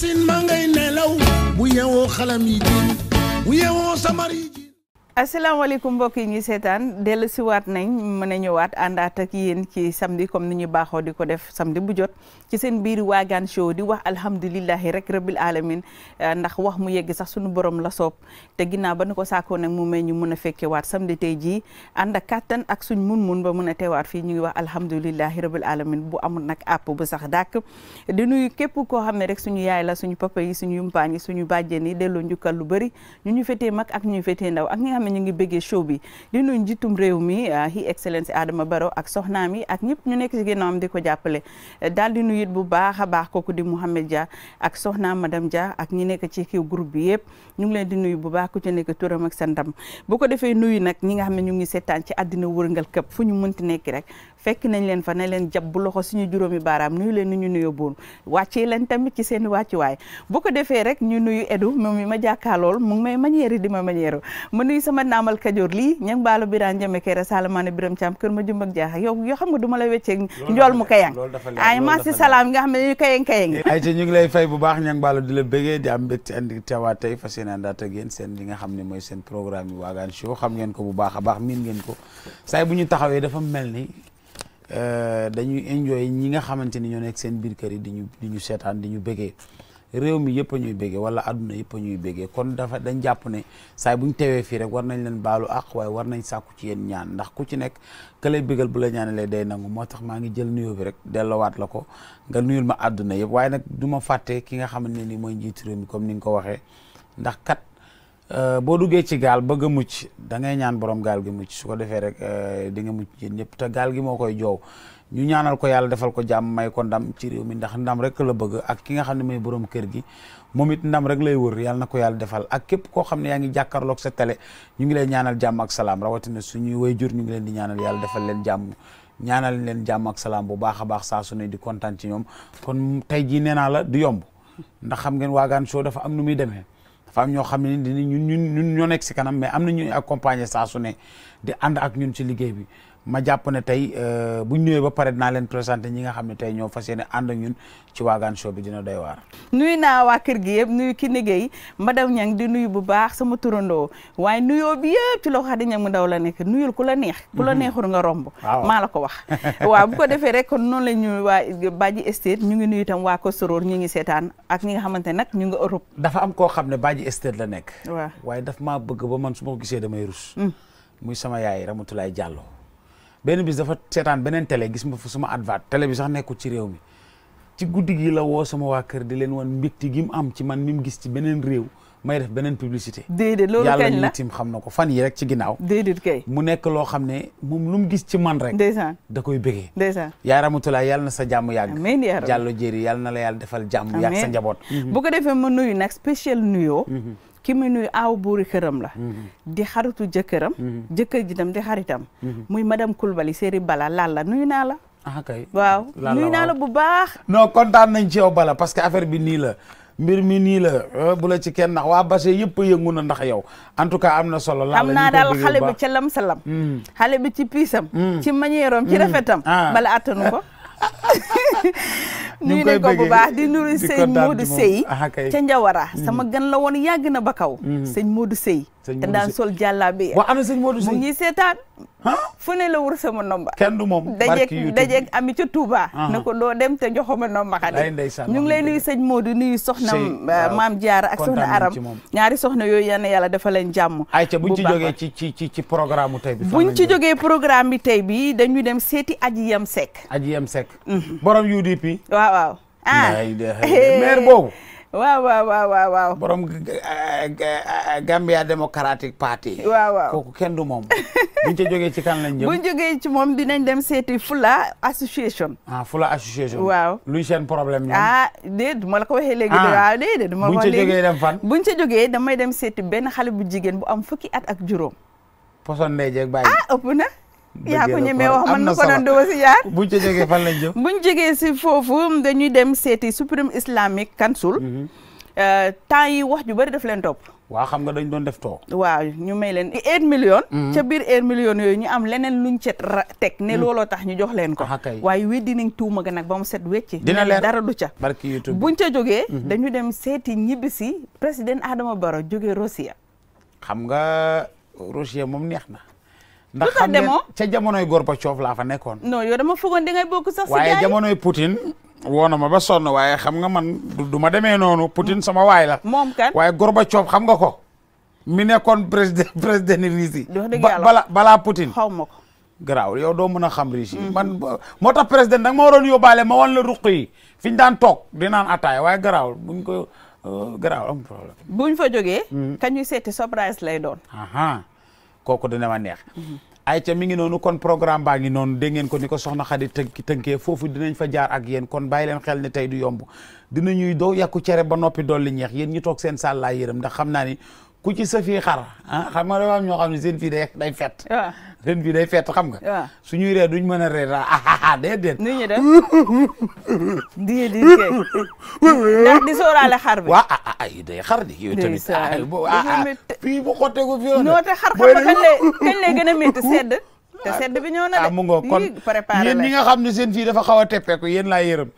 sin mangay ngay nelaw bu yewoo xalam yi bu yewoo samari asalaamaaleykum mbokk yi ñuy seetaan dellu si waat nañ mën a ñëwaat àndaat ak yéen ci samedi comme ni ñu baaxoo di ko def samedi bu jot ci seen biir waagaan show di wax alhamdulilahi rek rabil alamin eh, ndax wax mu yegg sax suñu borom la soob te ginnaaw ba nu ko saakoo nag mu may ñu mën a fekke waat samedi tey jii ànd ak kàttan ak suñ mun-mun ba mën a teewaat fii ñu ngi wax alhamdulilahi rabil alamin bu amul nag àpp bu sax dàkk di nuyu képp koo xam ne rek suñu yaay la suñu papa suñu yumpaañ suñu bàjjen yi delloo njukkal lu bëri ñu ñu fetee mag ak ñu fetee ndaw xam ne ñu ngi bëggee show bi di nuyu njiitum réew mi ah, hi excellence Adama Barrow ak soxnaam mi ak ñëpp ñu nekk si ci ginnaawam di ko jàppale daal di nuyu it bu baax a baax ko di Mouhamed Dia ak soxnaam madame ja ak ñi nekk ci kiw groupe bi yëpp ñu ngi leen di nuyu bu baax ku ci nekk turam ak santam bu ko defee nuyu nag ñi nga xam ne ñu ngi seetaan ci àddina wërngal këpp fu ñu ti nekk rek fekk nañ leen fa ne leen jàpp bu loxo suñu juróomi baaraam nuyu leen nu ñu nuyoo boon wàccee leen tamit ci seen waay bu ko defee rek ñu nuyu edu moom mi ma jàkkaarlool mu ngi may manière di ma manière sama naamal kajoor lii ñang baalo biraan jëme kere salamaane biram caam kër ma jumb ak jaaxa yow yoo xam nga ma la wecceeg njool mu kayang ay maa si nga xam ne ñu kayang kayang ay te ñu ngi lay fay bu baax ñang baalo di la bégee nga xam ne mooy seen programme yi waagaan show xam ngeen ko bu baax a baax miin ngeen ko saay bu ñu taxawee dafa mel ni Euh, dañuy enjoy ñi nga xamante ni ñoo nekk seen biir kër yi di ñu di ñu seetaan di ñu bëggee réew mi yëpp ñuy bëggee wala adduna yëpp ñuy bëggee kon dafa dañ jàpp ne saay bu teewee fii rek war nañ leen baalu ak waaye war nañ sàkku ci yéen ñaan ndax ku ci nekk ka lay bëggal bu la leen day nangu moo tax maa ngi jël nuyoo bi rek delloowaat la ko nga nuyul ma àdduna yëpp waaye nag du ma fàtte ki nga xamante nii mooy njiitu réew mi comme ni nga ko waxee ndax Euh, boo duggee ci gaal bëgg mucc da ngay ñaan borom gaal gi mucc su ko defee rek euh, di nga mucc yéen ñëpp te gaal gi moo koy joow ñu ñaanal ko yàlla defal ko jàmm may ko ndam ci réew ndax ndam rek la bëgg ak ki nga xam ne mooy borom kër gi moom it ndam rek lay wër yàlla na ko yàlla defal ak képp koo xam ne yaa ngi jàkkaarloog sa télé ñu ngi leen ñaanal jàmm ak rawatina suñuy way jur ñu ngi leen di ñaanal yàlla defal leen jàmm ñaanal leen jàmm ak salaam bu baax a baax saa su ne di kontaan ci ñoom kon tey jii nee naa la du yomb ndax xam ngeen waagaan soo dafa am nu muy demee dafa am ñoo xam ne ni ñun ñun ñun ñoo nekk si kanam mais am na ñuy accompagner saa su ne di ànd ak ñun ci liggéey bi ma jàpp ne tey euh, bu ñu ñëwee ba pare dinaa leen présenté ñi nga xam ne tey ñoo fas yéene ànd ak ñun ci waagaan bi dina doy waar. nuyu naa waa kër gi yëpp nuyu ki liggéey madame Niang di nuy bu baax sama turandoo waaye nuyoo bi yëpp ci loxo Khady Niang mu daw la nekk nuyul ku la neex. ku la mhm. neexul nga romb. maa la ko wax. waaw bu ko defee rek kon noonu la ñu waa Badji Estate ñu ngi nuyu itam waa Kosoroor ñu ngi seetaan ak ñi nga xamante ne nag ñu ngi Europe. dafa am ko xam ne Badji Estate la nekk. waaw waaye daf maa bëgg ba man su ma ko gisee damay rus mm. muy sama yaay Ramatulaay Jàllo benn bis dafa seetaan beneen télé gis ma fu suma advert tele bi sax nekkul ci réew mi ci guddi gi la woo sama waa kër di leen wan mbégte gi mu am ci man mi mu gis ci beneen réew may def beneen publicité. déedéet loolu kañ la yàlla xam na ko fan yi rek ci ginnaaw. déedéet kay mu nekk loo xam ne moom lu mu gis ci man rek. ndeysaan da koy bëggee. ndeysaan yaa Ramatoulaye yàlla na sa jàmm yàgg. amiin yaa Rabbi jàllo jéeri yàlla na la yàlla defal jàmm. amiin yàgg sa njaboot. bu ko defee ma nuyu nag spécial nuyoo. Mhm. ki muy nuyu aaw buuri këram la mhm. di xaritu jëkkëram mhm. jëkkër ji tam di xaritam mhm. muy madame Coulibaly Seri Bala laal la nuyu naa la ah kay waaw nuyu bu baax non kontaan nañ Bala parce que affaire bi nii la mbir mi nii la euh, bu la ci kenn ndax waa Basse yëpp yëngu na ndax yow en tout cas am na solo. la am naa daal xale bi ca lam salam mm. xale bi ci piisam. Mm. ci manière am ci mm. rafetam. Ah. bala ñu ne ko bu di nuyu sëñ Modou Sey ca Njawara mm-hmm. sama gan la woon yàgg na ba kaw mm-hmm. sëñ Modou Sey te daan sol jàllaabe waaw am Sey mu seetaan fu ne la wër sama nomba. kenn du moom barki yu dajeeg ami ca Touba. na ko doo dem te joxuma nomba xale. ñu ngi lay nuyu sëñ Modou nuyu soxna maam Diarra ak soxna Aram. ñaari soxna yooyu yal na yàlla dafa leen jàmm. bu buñ ci jógee ci ci ci ci programme tey bi. buñ ci jógee programme bi tey bi dañuy dem seeti Aji Yem sek Aji Yem Seck. Mhm. borom UDP. waaw waaw ah maire boobu. waaw waaw waaw waaw. borom Gambia Democratic Party. waaw waaw kooku kenn du moom. buñ ca jógee ci kan lañ jëm. buñ jógee ci moom dinañ dem seeti Fula association. ah Fula association. waaw luy seen problème ñoom. ah déedéet ma la ko waxee léegi. ah déedéet ma buñ ca jógee dem fan. buñ ca jógee damay dem seeti benn xale bu jigéen bu am fukki at ak juróom. poson ndey jeeg bàyyi. ah ëpp na. ya ko ñemee wax man ko doon do si yar buñ ci jégué fan lañ jëm buñ jégué ci fofu dañuy dem séti Supreme Islamic Council mhm. eh, temps yi wax ju bari daf leen top wa xam nga dañ doon def to wa ñu may leen 1 million mhm. ca bir 1 million yoy ñu am leneen luñ ci tek ne mhm. lolo tax ñu jox leen ko waaye nañ tuuma nak ba set wéccé dina leh. dara du ca barki YouTube buñ ca joggé dañu dem séti ñibisi président Adama baro joggé Russia xam nga Russia mom neex na ndax xam ne ca jamonoy Gorbatchev laa fa nekkoon. non yow dama foogoon dangay bokk sax si waaye jamonoy Poutine. woon na ma ba sonn waaye xam nga man du ma demee noonu. Poutine sama waay la. moom kan waaye Gorbatchev xam nga ko. mi nekkoon président président Russie. balaa balaa Poutine xaw ma garaaw yow doo mën a xam Russie. Mm-hmm. man moo tax président danga ma waroon yóbbaale ma wan la ruq yi fi ñu daan toog di naan waaye garaaw buñ ko euh, garaaw am problème. buñ fa jógee. Mm-hmm. kañuy seeti surprise lay doon. kooku dina ma neex ay ca mi ngi noonu kon programme baa ngi noonu dégg ngeen ko ni ko soxna Xadi tënk tënkee foofu dinañ fa jaar ak yéen kon bàyyi leen xel ne tey du yomb dinañuy doo yàkku cere ba noppi dolli ñeex yéen ñu toog seen sàllaa yërëm ndax xam naa ku ci sa fii xar ah xam nga dafa ñoo xam ne seen fii day day fett. waaw seen fii day fett xam nga. waaw suñuy reer duñ mën a reer ah, ah, ah nu ñu def di di kay ndax di sóoraale ay ah, day xar di. yow tamit ah ah fii bu xotteeku fii woon. noo te xar xam nga kañ lay kañ lay gën a sedd. bi ñëw na mu ngoog kon yéen ñi nga ne seen fii dafa xaw a teppeeku yéen laa yërëm.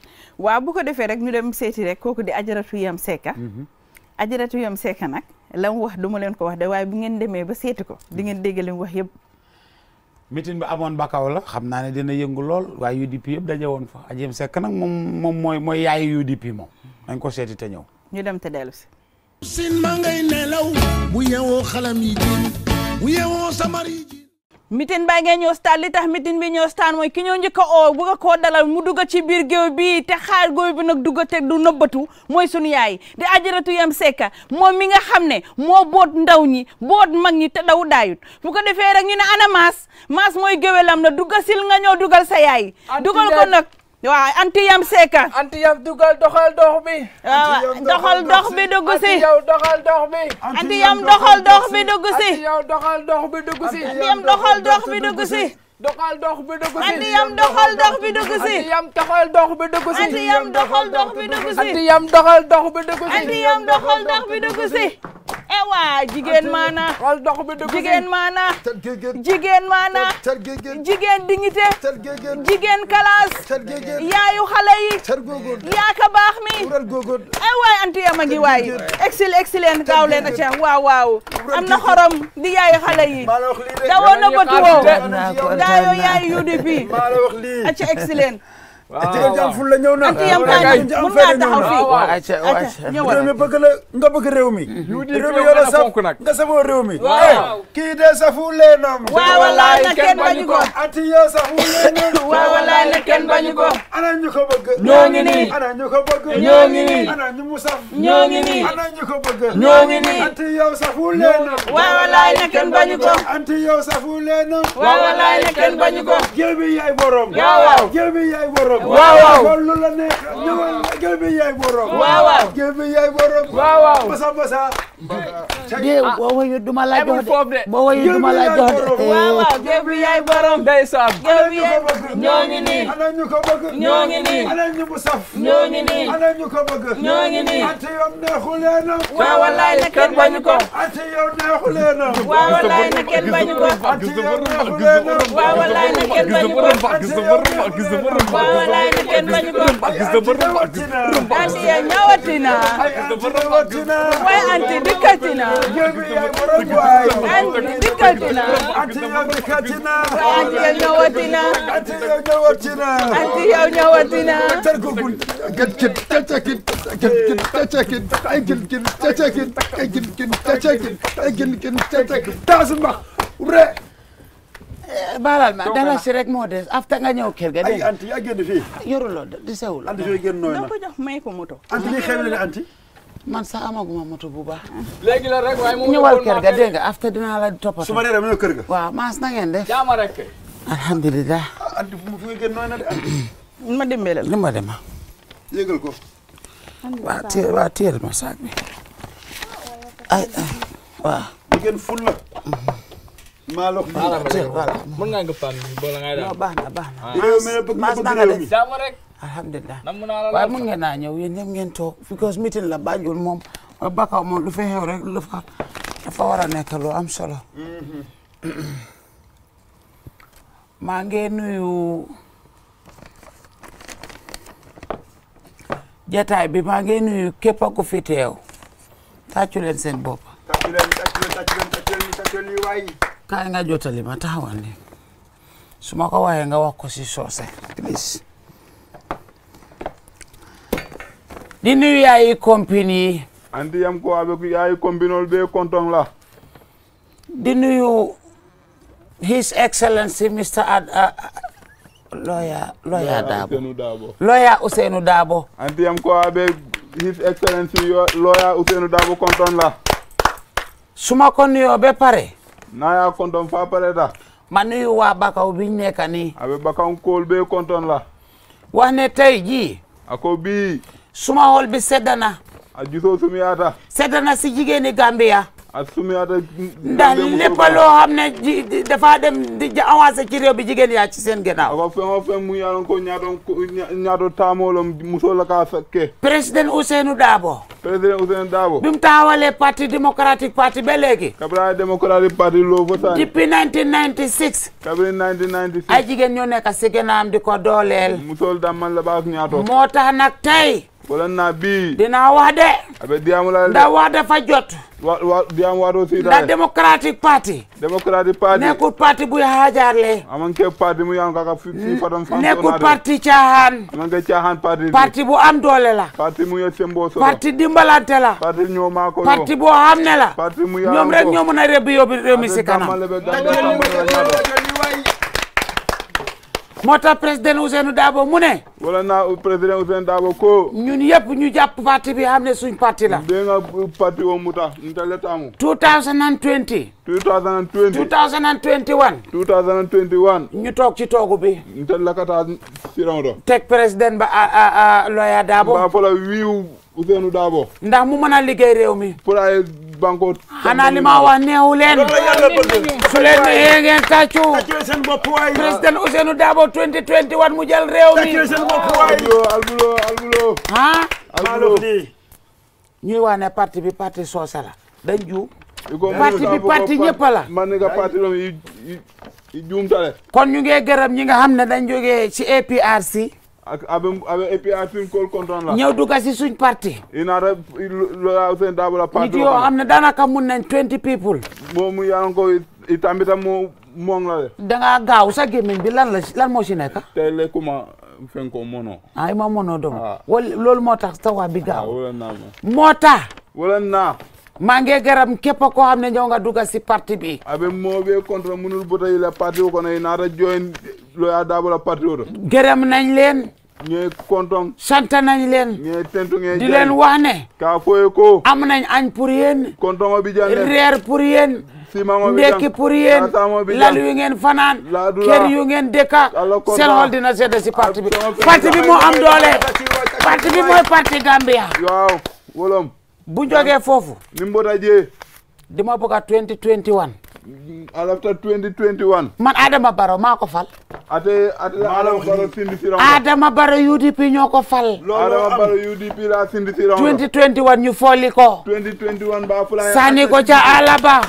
waaw bu ko defee rek ñu dem seeti rek kooku di ajaratu yam sekka. Mhm. ajaratu yam sekka nag. la mu wax du ma leen ko wax de waaye bu ngeen demee ba seeti ko di ngeen dégg li mu wax yëpp meeting bi amoon Bakaw la xam naa ne dina yëngu lool waaye UDP yëpp daje woon fa Adjem Seck nag moom moom mooy mooy yaayu UDP moom dañ ko seeti te ñëw ñu dem te dellu si sin ma ngay nelaw bu yewoo xalam yi jiin bu yewoo samar yi mitin baa ngeen ñëw staan li tax mitin bi ñëw staan mooy ki ñoo njëkk oo bu koo dalal mu dugg ci biir géew bi te xaar góoy bi nag dugg te du nëbbatu mooy sunu yaay di ajaratu yam sekka moo mi nga xam ne moo boot ndaw ñi boot mag ñi te daw daayut bu ko defee rek ñu na ana maas maas mooy géwelam la dugga sil nga ñëw dugal sa yaay dugal ko waaw anti yam seeka. anti yam dugal doxal dox bi. anti doxal dox bi dugg si. anti yow doxal dox bi. anti yam doxal dox bi dugg si. anti yow doxal dox bi dugg si. anti yam doxal dox bi dugg si. doxal dox bi dugg si. anti yam doxal dox bi dugg si. anti yam doxal dox bi dugg si. anti yam doxal dox bi dugg si. anti yam doxal dox bi dugg si. anti yam doxal dox bi dugg si. ewa jigéen maana jigéen maana jigéen maana jigéen dignité jigéen kalaas yaayu xale yi yaaka baax mi ewaay eh anti yama gi waay excellent excellent gaaw leen aca waaw waaw am na xorom di yaayu xale yi dawoon na bëtu woo daayo yaayu UDP aca excellent waaw jigéen jam ful la ñëw na. am fee ñëw na waaw ayca ayca. réew mi bëgg la nga bëgg réew mi. Mhm. réew mi yore saf nga safoo réew mi. waaw eh, kii de safu lee noom. waaw walaay la kenn bañu ko. ati yow safu lee noom. waaw walaay la kenn bañu ko. ana ñu ko bëgg. ñoo ngi nii. ana ñu ko bëgg. ñoo ngi nii. ana ñu mu saf. ñoo ngi nii. ana ñu ko bëgg. ñoo ngi nii. ati yow safu lee noom. waaw walaay la kenn bañu ko. ati yow safu lee noom. waaw walaay la kenn bañu ko. jël bi yaay borom. waaw waaw jël bi yaay borom. waaw waaw loolu la neex ñëwal gël bi yaay borom waaw waaw gël bi yaay borom waaw waaw basa basa de boo wayu duma la jox de boo wayu duma la jox de waaw waaw gël bañu ko ante yow neexu leen waaw wallaay la bañu ko ante yow neexu leen waaw wallaay la bañu ko wallaay na kenn bañu ko anti ya ñawatina way anti dikkatina anti dikkatina anti ya dikkatina way anti ya ñawatina anti ya ñawatina anti ya ñawatina tarkukul كد تتكد كد تتكد اجل كد تتكد اجل كد تتكد اجل كد تتكد تعزم ورق Eh, baalal ma dala rek moo des afta nga ñëw kër ga. ay anti yaa génn yoruloo di sewul. anti yooyu man sax amaguma moto bu baax. léegi la ga dégg nga afta dinaa la toppatoo. su ma dee dama ñëw waaw maas na ngeen def. Ah, ma demee la. ni ma demee. ma saak bi. ay waaw. bu ngeen ful la. Mm-hmm. Malok malam kecil malam. Menganggapan bola ngada. Nah, bah, nah, bah. Mas tanggal ni. Sama rek. Alhamdulillah. Namun ala. Wah, mungkin nanya, wien yang mungkin talk because meeting lah banjul mom. Baka mom lu faham rek lu faham. Apa orang nak lu am solo. Mangenu yu. Jatai bi mangenu yu kepa ku fiteo. Tachulen sen bopa. Tachulen, tachulen, tachulen, tachulen, tachulen, tachulen, tachulen, kaay nga jotali ma taxawal ni su ma ko waxee nga wax si soose di nuyu yaayi compagnie anti yam ko avec yaayi combinol be konton la di nuyu his excellency Mr. lawyer lawyer Dabo lawyer anti yam ko avec his excellency lawyer Ousainou Dabo konton la su ma ko na ya konton fa pare da mani yu waa bakaw biñ nekka nii abe bakaw kool be konton la wa ne tey jii ako bii suma bi seddana a jusoo sumu seddana si jigeni Gambia ak sumi at ak daal loo xam ne dafa dem di avancé ci réew bi jigéen yaa ci seen ginnaaw a fen o fen mu yaron ko ñaaton ñaato taamolom musoo la kaa sakke président Ousseynou Dabo président Ousseynou Dabo bi mu taxawalee parti démocratique parti ba léegi kabra démocratique parti loo votaan depuis 1996 kabri 1996 ay jigéen ñoo nekk si ginnaawam di ko dooleel musool damman la baak ñaato moo tax nag tey wala naa bii. dinaa wax de. abe diyaamu laa ndax wax dafa jot. wa wa diyaamu waatoo si. ndax Democratic Party. Democratic Party nekkul parti buy haajaarle. amoon ke parti mu yaanu kaka fii hmm. fadam. fan nekkul parti caaxaan. amoon ke caaxaan parti. bu am doole la. parti mu ye sembo solo. parti dimbalante la. parti ñoom maa ne la. ñoom rek ñoo mën a rëbb yóbbu kanam. moo tax président Ousseynou Dabo mu ne. wala naa président Ousseynou Dabo ko. ñun yëpp ñu jàpp parti bi xam ne suñ parti la. dégg nga parti wo mu tax ñu tale taamu. 2020. 2020. 2021. 2021. ñu toog ci toogu bi. ñu tale la kata siraw do. teg président ba a a a lawyer Dabo. mbaa fɔlɔ wiiw Ousseynou Dabo. ndax mu mën a liggéey réew mi. banko xanaa li ma wax neewu leen su leen neexee ngeen tàccu président Ousseynou Dabo 2021 mu jël réew mi albulo albulo ah ñuy waane parti bi parti soosa la dañ juum parti bi parti ñëpp la kon ñu ngi gërëm ñi nga xam ne dañ jógee ci APRC et puis a film call content la ñëw dugg si suñ parti inaata loola Ousainou Darboe la nit yoo xam ne daanaka mun nañ twenty people moom yaa ngi ko itam itam moo moom la de dangaa gaaw sa gémmiñ bi lan la lan moo si nekk tey le kuma fenko mono ay ma mono dong ah. lool moo tax sa bi gaaw ah, wala naa moo tax wala naa maa ngi gërëm képp koo xam ne ñëw nga dugg si parti bi. abe moo bee contre munul bota yi la parti ko nay naata join looya daabo la parti oto gërëm nañ leen. ñooy konton. sant nañ leen. ñooy tentu ngeen di leen wax ne. kaa fooye ko. am nañ añ pour yéen. konton bi jaan reer pour yéen. simaŋo bi jaan ndekki pour yéen. lal yu ngeen fanaan. kër yu ngeen dëkka. seen xol dina sedd si parti bi. parti bi moo am doole. parti bi mooy parti Gambia. waaw wolom. bu jógee foofu. ni a jee. dama bëgg a 2021. alafta 2021. man Adama Barrow maa ko fal. ate ate la Adama Barrow sindi si raw. Adama UDP ñoo ko fal. Adama Barrow UDP la sindi si raw. 2021 ñu folli ko. 2021 ko ca Alaba.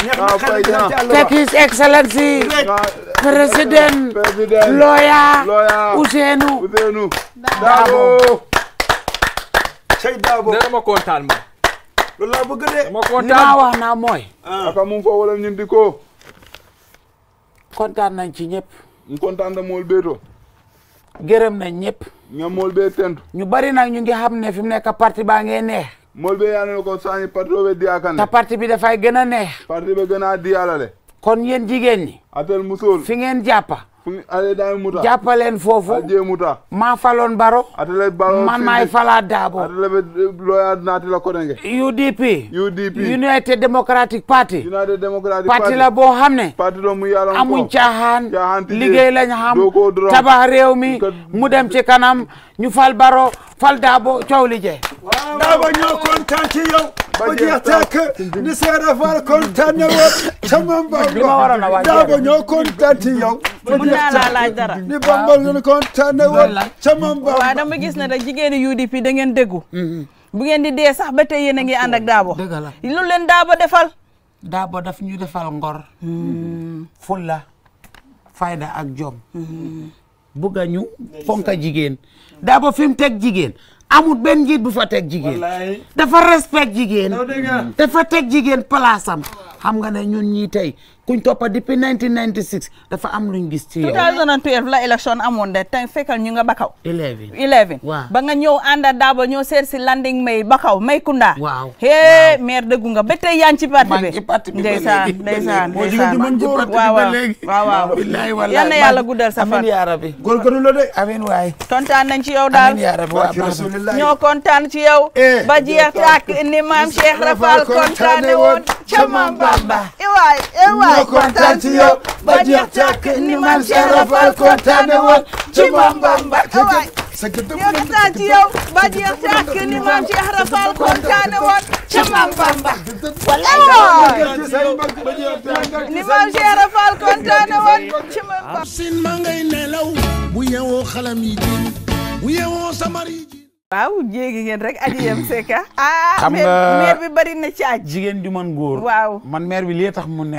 Take His Excellency. président. président lawyer. lawyer Ousseynou. Daabo. Cheikh Daabo. nee na ma kontaan loolu laa bëgg de. dama kontaan li wax naa mooy. Ah. aka mu foo wala ñun di ko. kontaan nañ ci ñëpp. ñu kontaan da mool beeto. gërëm na ñëpp. ñoom mool bee tentu. ñu bari nag ñu ngi xam ne fi mu nekk parti baa ngee neex. mool bee yaa ne ko saañi parti boobu diyaakane. te parti bi dafay gën a neex. parti bi gën a di diyaalale. kon yéen jigéen ñi. atel musool fi ngeen jàppa jàppaleen foofu maa faloon baro man maay falaat daabo eh, UDP UDP United Democratic Party parti la boo xam ne amuñ caaxaan liggéey lañ xam tabax réew mi mu dem ci kanam ñu fal baro fal daabo coow li daabo ñoo kontaan ci yow ɓoƴiyatake ne seeɗa fala kontane wo caman bambo daago ñoo kontanti yow munana laaj dara ni bambal ñon kontane wo caman bambo dama gis ne rek jigéeni UDP dangeen ngeen déggu mm-hmm. ngeen di dee sax ba tey yéen a ngi ànd ak daabo lu leen daabo defal daabo daf ñu defal ngor mm-hmm. fulla fayda ak jom mm-hmm. bugga ñu fonka jigéen daabo fi mu teg jigéen amul benn njiit bu fa teg jigéen dafa respect jigéen dafa teg jigéen palaasam xam nga ne ñun ñii tey kuñ toppa depuis 1996 dafa am luñ gis ci yow. 2012 la élection amoon de tey fekkal ñu nga Bakaw. 11 11. waaw ba nga ñëw ànd ak Dabo ñëw seet si landing may Bakaw may Kunda. waaw hee maire dëggu nga ba tey yaa ngi ci parti bi. maa ngi ci parti bi ba léegi ndeysaan ndeysaan ndeysaan maa ngi ci parti bi ba léegi. waaw waaw waaw yal na yàlla guddal sa fan. amiin yaa rabbi góorgóorlu la de amiin waay. kontaan nañ ci yow daal amiin yaa rabbi waaw alhamdulilah ñoo kontaan ci yow. Eh, ba jeex tàkk ni maam Cheikh Rafal kontaane woon ca maam Bamba. Eh waay eh waay Fall kontaan ci yow ba jeex càkk ni man Cheikh Fall kontaane woon ci moom Bamba waay kontaan ci yow ba jeex càkk ni man Cheikh Fall kontaane woon ci moom Bamba wallaay ni man Cheikh Fall kontaane woon ci moom Bamba sin ma ngay nelaw bu yeewoo xalam yi ji bu yeewoo samar yi ji waaw jéegi ngeen rek aji yam ah xam nga maire bi bari na ci man góor waaw man maire bi lii tax man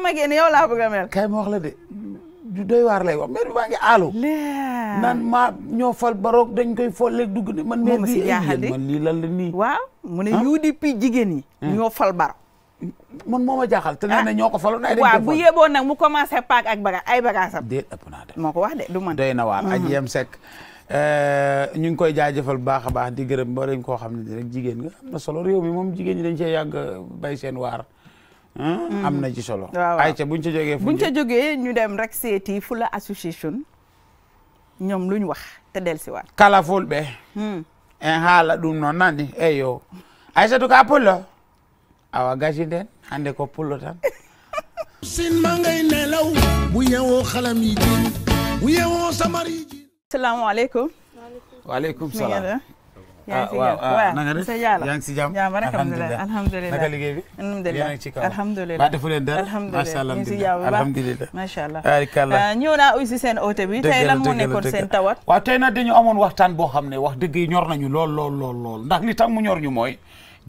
magee ne yow laa bëgg a mel kay ma wax la ma ñoo fal dañ koy man maire man lii lan la nii UDP ah? jigéen yi ah. ñoo fal man moo ma jaaxal te nee ah. na ñoo ko bu yeboo nag mu commencé paak ak baga ay bagaasam déet ëpp naa de moo ko wax de du man doy na mm-hmm. aji yam sek Euh, ñu ngi koy jaajëfal baax a baax di gërëm ba dañ koo xam ne rek jigéen nga am na solo réew mi moom jigéen ñi dañ cee yàgg bay ah, am na ci solo mm. ayca buñ ca jógee buñ ca jógee ñu dem rek seeti Fula association ñoom luñ wax te dellusiwaat kala fulɓe mm. en eh, haala ɗum noon nani eyo eh, aysatu ka pullo awa gasi hande ko pullo tan sin ma ngay nelaw bu yewoo xalam yi ji bu salaamaaleykum. waalekum salaam. Ah, ah, yaa ngi si jàmm waaw na nga def yaa ngi si jàmm. alhamdulilah alhamdulilah naka liggéey bi. alhamdulilah yaa ngi ci kaw ba defu leen dara. macha allah alhamdulilah macha a ah, ñëw seen oote bi. tey lan moo nekkoon seen tawat. waaw tey nag dañu amoon waxtaan boo xam ne wax dëgg yi ñor nañu lool lool lool lool ndax li tax mu ñor ñu mooy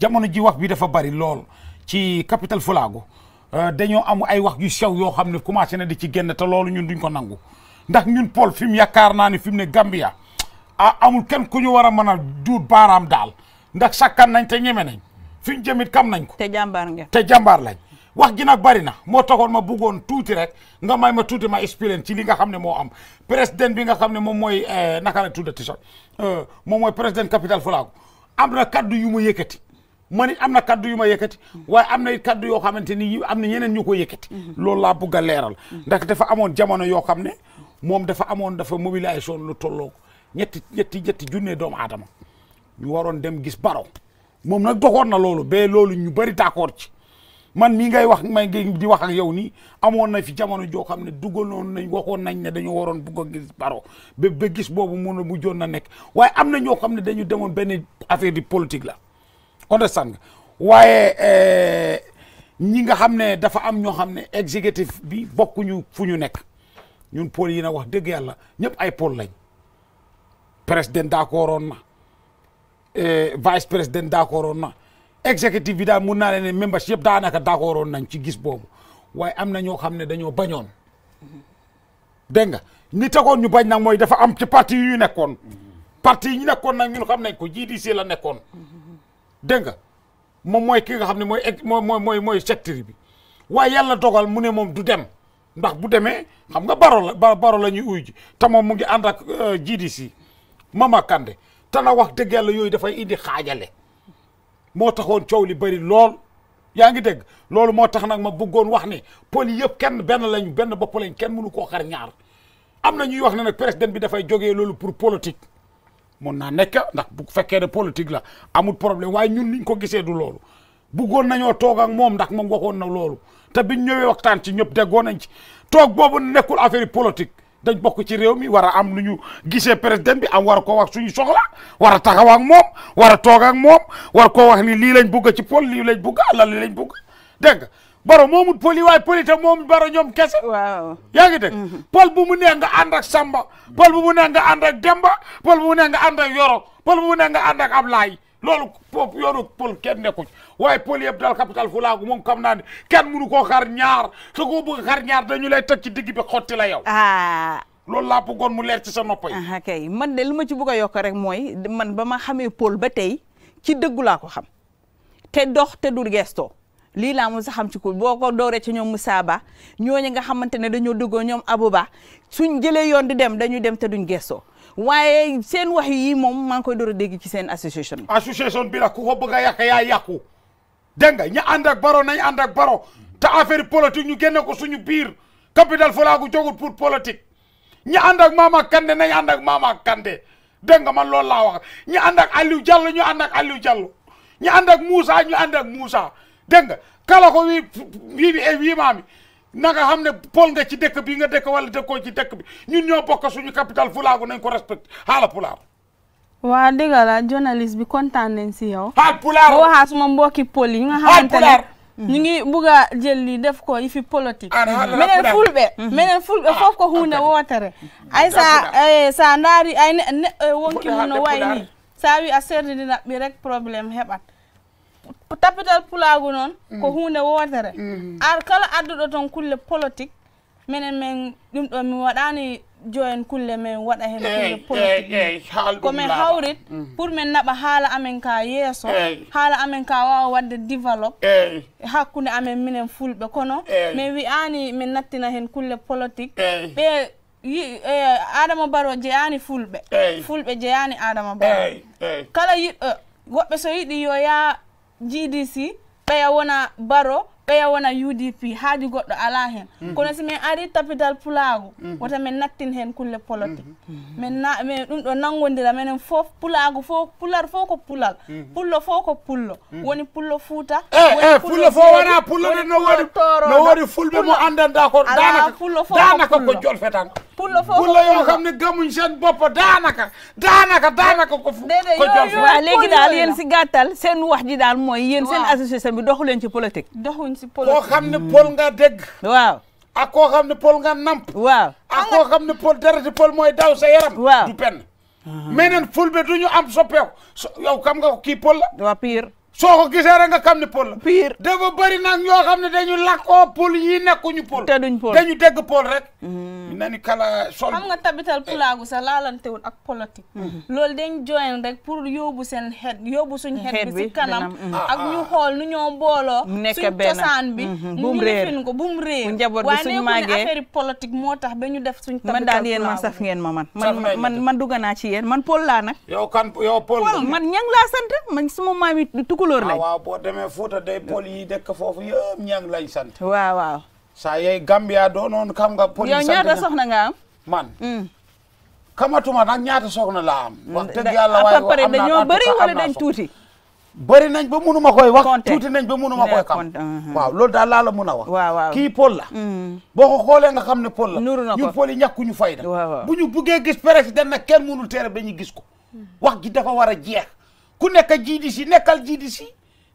jamono ji wax bi dafa bari lool ci capital fulaagu dañoo am ay wax yu sew yoo xam ne commencé na di ci génn te loolu ñun duñ ko nangu. ndax ñun Paul fi mu yaakaar naa ne fi mu ne Gambia ah amul kenn ku ñu war a mën a duut baaraam daal ndax sakkan nañ te ñeme nañ fi ñu jëmit kam nañ ko. te jàmbaar ngeen te jàmbaar lañ. wax gi nag bari na moo toogoon ma bëggoon tuuti rek nga may ma tuuti ma expérience ci li nga xam ne moo am président bi nga xam ne moom mooy eh, naka la tuddati sax euh, moom mooy président capital Fulago am na kaddu yu ma yëkkati ma ni am na kaddu yu ma yëkkati waaye am na it kaddu yoo xamante ni am na ñeneen ñu ko yëkkati. Mm-hmm. loolu laa bëgg a leeral. ndax dafa amoon jamono yoo xam ne. moom dafa amoon dafa mobilisation lu tolloo ñetti ñetti ñetti junne doomu aadama ñu waroon dem gis baro moom nag doxoon na loolu ba loolu ñu bëri d'accord ci man mii ngay wax may di wax ak yow nii amoon na fi jamono joo xam ne dugaloon nañ waxoon nañ ne dañu waroon bugg gis baro ba gis boobu mun a mujjoon na nekk waaye am na ñoo xam ne dañu demoon benn affaire di politique la understand nga waaye eh, ñi nga xam ne dafa am ñoo xam ne exécutif bi bokkuñu fu ñu nekk ñun pôle yi na wax dëgg yàlla ñëpp ay pôle lañ président d'accord woon na eh, vice président d'accord woon na exécutif bi daal mun naa leen ne membres yëpp daanaka d'accord woon nañ ci gis boobu waaye am na ñoo xam ne dañoo bañoon dégg nga ñi tegoon ñu bañ nag mooy dafa am ci parti yu nekkoon parti yi ñu nekkoon nag ñu xam nañ ko GDC la nekkoon dégg nga moom mooy ki nga xam ne mooy mooy mooy mooy secteur bi waaye yàlla dogal mu ne moom du dem ndax bu demee xam nga baro la baro la ñuy uyu ji te moom mu ngi ànd ak euh, GDC Mama Kandé te na wax dëgg yàlla yooyu dafay indi xaajale moo taxoon coow li bëri lool yaa ngi dégg loolu moo tax nag ma buggoon wax ne pôles yi yëpp kenn benn lañu benn bopp lañ kenn mënu koo xar ñaar am na ñuy wax ne nag président bi dafay jógee loolu pour politique mun naa nekk ndax bu fekkee ne politique la amul problème waaye ñun niñ ko gisee du loolu bëggoon nañoo toog moom ndax moom waxoon na loolu te biñ ñëwee waxtaan ci ñëpp déggoo nañ ci toog boobu nekkul affaire politique dañ bokk ci réew mi war a am lu ñu gisee président bi am war ko wax suñu soxla war a taxaw ak moom war a toog ak moom war ko wax ni lii lañ bugg ci pol lii lañ bugg àlal lii lañ bugg dégg nga baro moomu poli waaye poli te moom baro ñoom kese. waaw yaa ngi dégg. Mm-hmm. pol bu mu neex nga ànd ak Samba. pol bu mu neex nga ànd ak Demba. pol bu mu neex nga ànd ak Yoro pol bu mu neex nga ànd ak Ablaye loolu po yoru pol kenn nekku waaye pôle yëpp capital fu laagu moom xam naa ne kenn mënu koo xar ñaar te koo bëgg xar ñaar dañu lay teg ci digg bi xotti la yow. Ah. loolu laa bëggoon mu leer ci sa nopp yi. Ah, kay man de li ma ci bëgg a yokk rek mooy man ba ma xamee pôle ba tey ci dëggu laa ko xam te dox te dul gestoo lii laa mos a xam ci ko boo ko dooree ci ñoom Moussa Ba ñooñu nga xamante ne dañoo dëggoo ñoom Abouba suñ jëlee yoon di dem dañuy dem te duñ gestoo waaye seen wax yi moom maa ngi koy door dégg ci seen association bi. association bi la ku ko bëgg a yàqu. dégg nga ña ànd ak baro nañ ànd ak baro te affaire politique ñu génne ko suñu biir capital fulaagu jogut pour politique ñi ànd ak Mama Kandé nañ ànd ak Mama Kandé nga man loolu laa wax ñi ànd ak Aliou Diallo ñu ànd ak Aliou Diallo ñu ànd ak Moussa ñu ànd ak Moussa dégg nga kala ko wii wii e wii maami na nga ne pol nga ci dëkk bii nga dëkk wala dëkkoo ci dëkk bi ñun ñoo bokk suñu capital fulaagu nañ ko respecté xaala pulaar waa dëgg la journaliste bi kontaan nañ si yow. Haalpulaar boo waxaa suma mbokki pël yi nga xamante ne ñu ngi bugg a jël li def ko yi fi politique. meneen fulɓe meneen fulɓe fof ko hunde wootere. ay sa sa ndaari ay ne wonki mun no way ni sa wi a serdini naɓɓi rek probléme heɓat tapital pulaagu noon ko hunde wootere ar kala adduɗo toon kulle politique minen min ɗum ɗo mi waɗani joyen kulle men waɗa hen kulle politique komin hawrit mm. pour min naɓa haala amen ka yeeso haala amen ka wawa wadde développe hakkude amen minen fulɓe kono min wiyani min nattina hen kulle politique ɓe e, adama baro jeyani fulɓe fulɓe jeyani adama baro kala yiɗɗo e, woɓɓe so yiɗi yo ya gdc ɓeya wona baro ɓeya wona udp haaji goɗɗo ala hen kono si min ari tapital pulaago wota min nattin hen kulle politique min min ɗum ɗo nangodira minen fof pulaago fo pular fof ko pulal pullo fo ko pullo woni pullo fuuta pullo fo wona pullo de no woodi no woodi fulɓe mo andanda ko danaka ko jolfe tan pullo fof pullo yo kam ne gamuñ sen boppa danaka danaka danaka ko ko jolfe wa léegi daal yéen si gàttal seen wax ji daal mooy yéen seen association bi doxu leen ci politique doxuñ si polo koo xam ne pol nga dégg waaw ak ko xam ne pol nga namp waaw ak koo xam ne pol dara di pol mooy daw sa yaram waaw du penn mais neen fulbe du ñu am soppeeku so yow xam nga ko kii pol la waaw pire soo ko gisee rek nga xam ne pol la pire dafa bëri nag ñoo xam ne dañu lakkoo pol yi ñu pol te duñ pol dañu dégg pol rek mm-hmm. nani kala sol xam nga tabital eh. pulaagu sax laalantewul ak politique mm-hmm. loolu dañ join rek pour yóbbu seen xeet yóbbu suñ xeet bi si kanam mm-hmm. ah, ak ñu ah. xool nu ñoo mbooloo suñ cosaan bi mm-hmm. buum réer ñu ko buum réer njaboot bi suñ màggee waaye affaire politique moo tax ba ñu def suñ tabital man daal yéen man saf ngeen ma man man man man dugg naa ci yéen man Paul laa nag yow kan yow Paul man ñang laa sant man suma maam yi tukulóor ah, lañ waaw boo demee Fuuta day Paul yi dëkk foofu yëpp ñang lañ sant waaw waaw saa yeey Gambia doo noonu xam nga. police yow ñaata soxna nga am. man. Mm. kamatuma nag ñaata mm, na la am. wax dëgg yàlla waaye ko am dañoo bëri wala dañ tuuti. bëri nañ ba mënu ma koy wax. tuuti nañ ba mënu ma koy xam. Uh-huh. waaw loolu daal laa la mën a wax. waaw kii Paul la. Mm. boo ko xoolee nga xam ne Paul la. nuru na ko ñun Paul yi ñàkkuñu fayda. bu ñu buggee gis président na kenn mënul tere ba ñu gis ko. wax ji dafa war a jeex ku nekk GDC nekkal GDC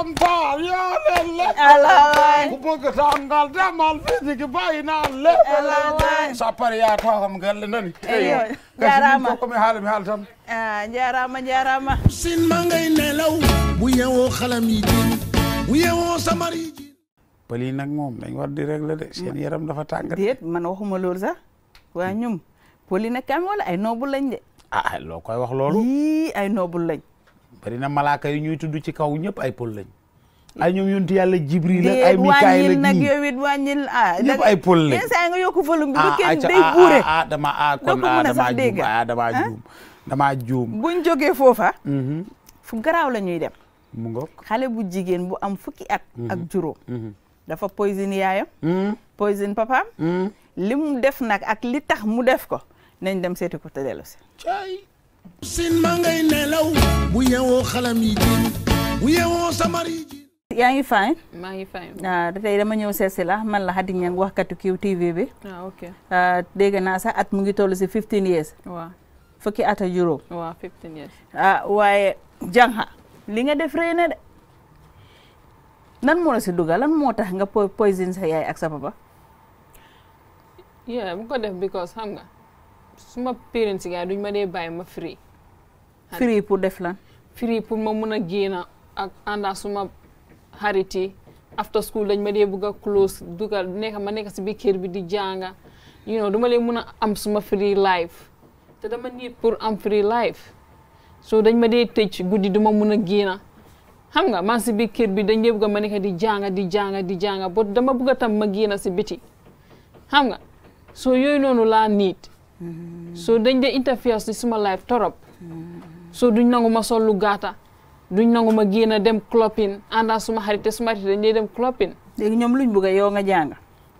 am taal yaa leen lekk. ku bëgg taal mi haali mi haali tan. ah jaaraama jaaraama. sin ma nelaw. bu yeewoo xalam yi jiin bu yeewoo samar nag moom dañ war di régler de seen yaram dafa tàng. déet man waxuma loolu sax waa ñum pël yi nag ay noobul lañ de. ah loo koy wax loolu. yii ay noobul lañ. bari na malaaka yi ñuy tudd ci kaw ñëpp ay pël lañ ay ñoom yontu yàlla jibril ak ay mikaayil ak nag yow it wàññil ah ñëpp ay pël lañ saa nga yokku volum bi bu ah, kenn day buure ah, ah, dama ah kon ah dama dama juum dama juum foofa mhm. fu garaaw la ñuy dem mu ngoog bu jigéen bu am fukki at mhm. ak juróom mhm. dafa poison yaayam poison papaam li mu def nag ak li tax mu def ko nañ dem seeti ko te dellu sin ya, ma ngay nelaw yaa ngi fine maa ngi fine waaw tey dama ñëw seet si la man la Khady Niang waxkatu QTV bi ah ok dégg naa sax at mu ngi toll si 15 years waaw fukki at ak juróom waaw 15 years ah waaye jànxa li nga def rëy na de nan moo la si dugal lan moo tax nga poison sa yaay ak sa papa yeah ya, bu ko def because xam nga suma parents yi duñ ma dee bàyyi ma free free pour def lan free pour ma meuna a ak anda suma hariti after school dañ ma dé bugg close dugal nek ma nek ci biir bi di janga you know duma lay meuna am suma free life té dama need pour am free life so dañ ma teach, tecc guddi duma meuna a xam nga ma ci biir bi dañ dee ma nek di janga di janga di janga bo dama bugg tam ma génn ci biti xam nga so yooyu noonu laa need mm-hmm. so dañ dé interfere ci suma life torop mm-hmm. so duñ nangu ma sol lu gaata duñ nangu ma génn a dem clopin ànd ak suma xarit te suma xarit dañ dee dem clopin. léegi ñoom luñ bëgg a yow nga jàng.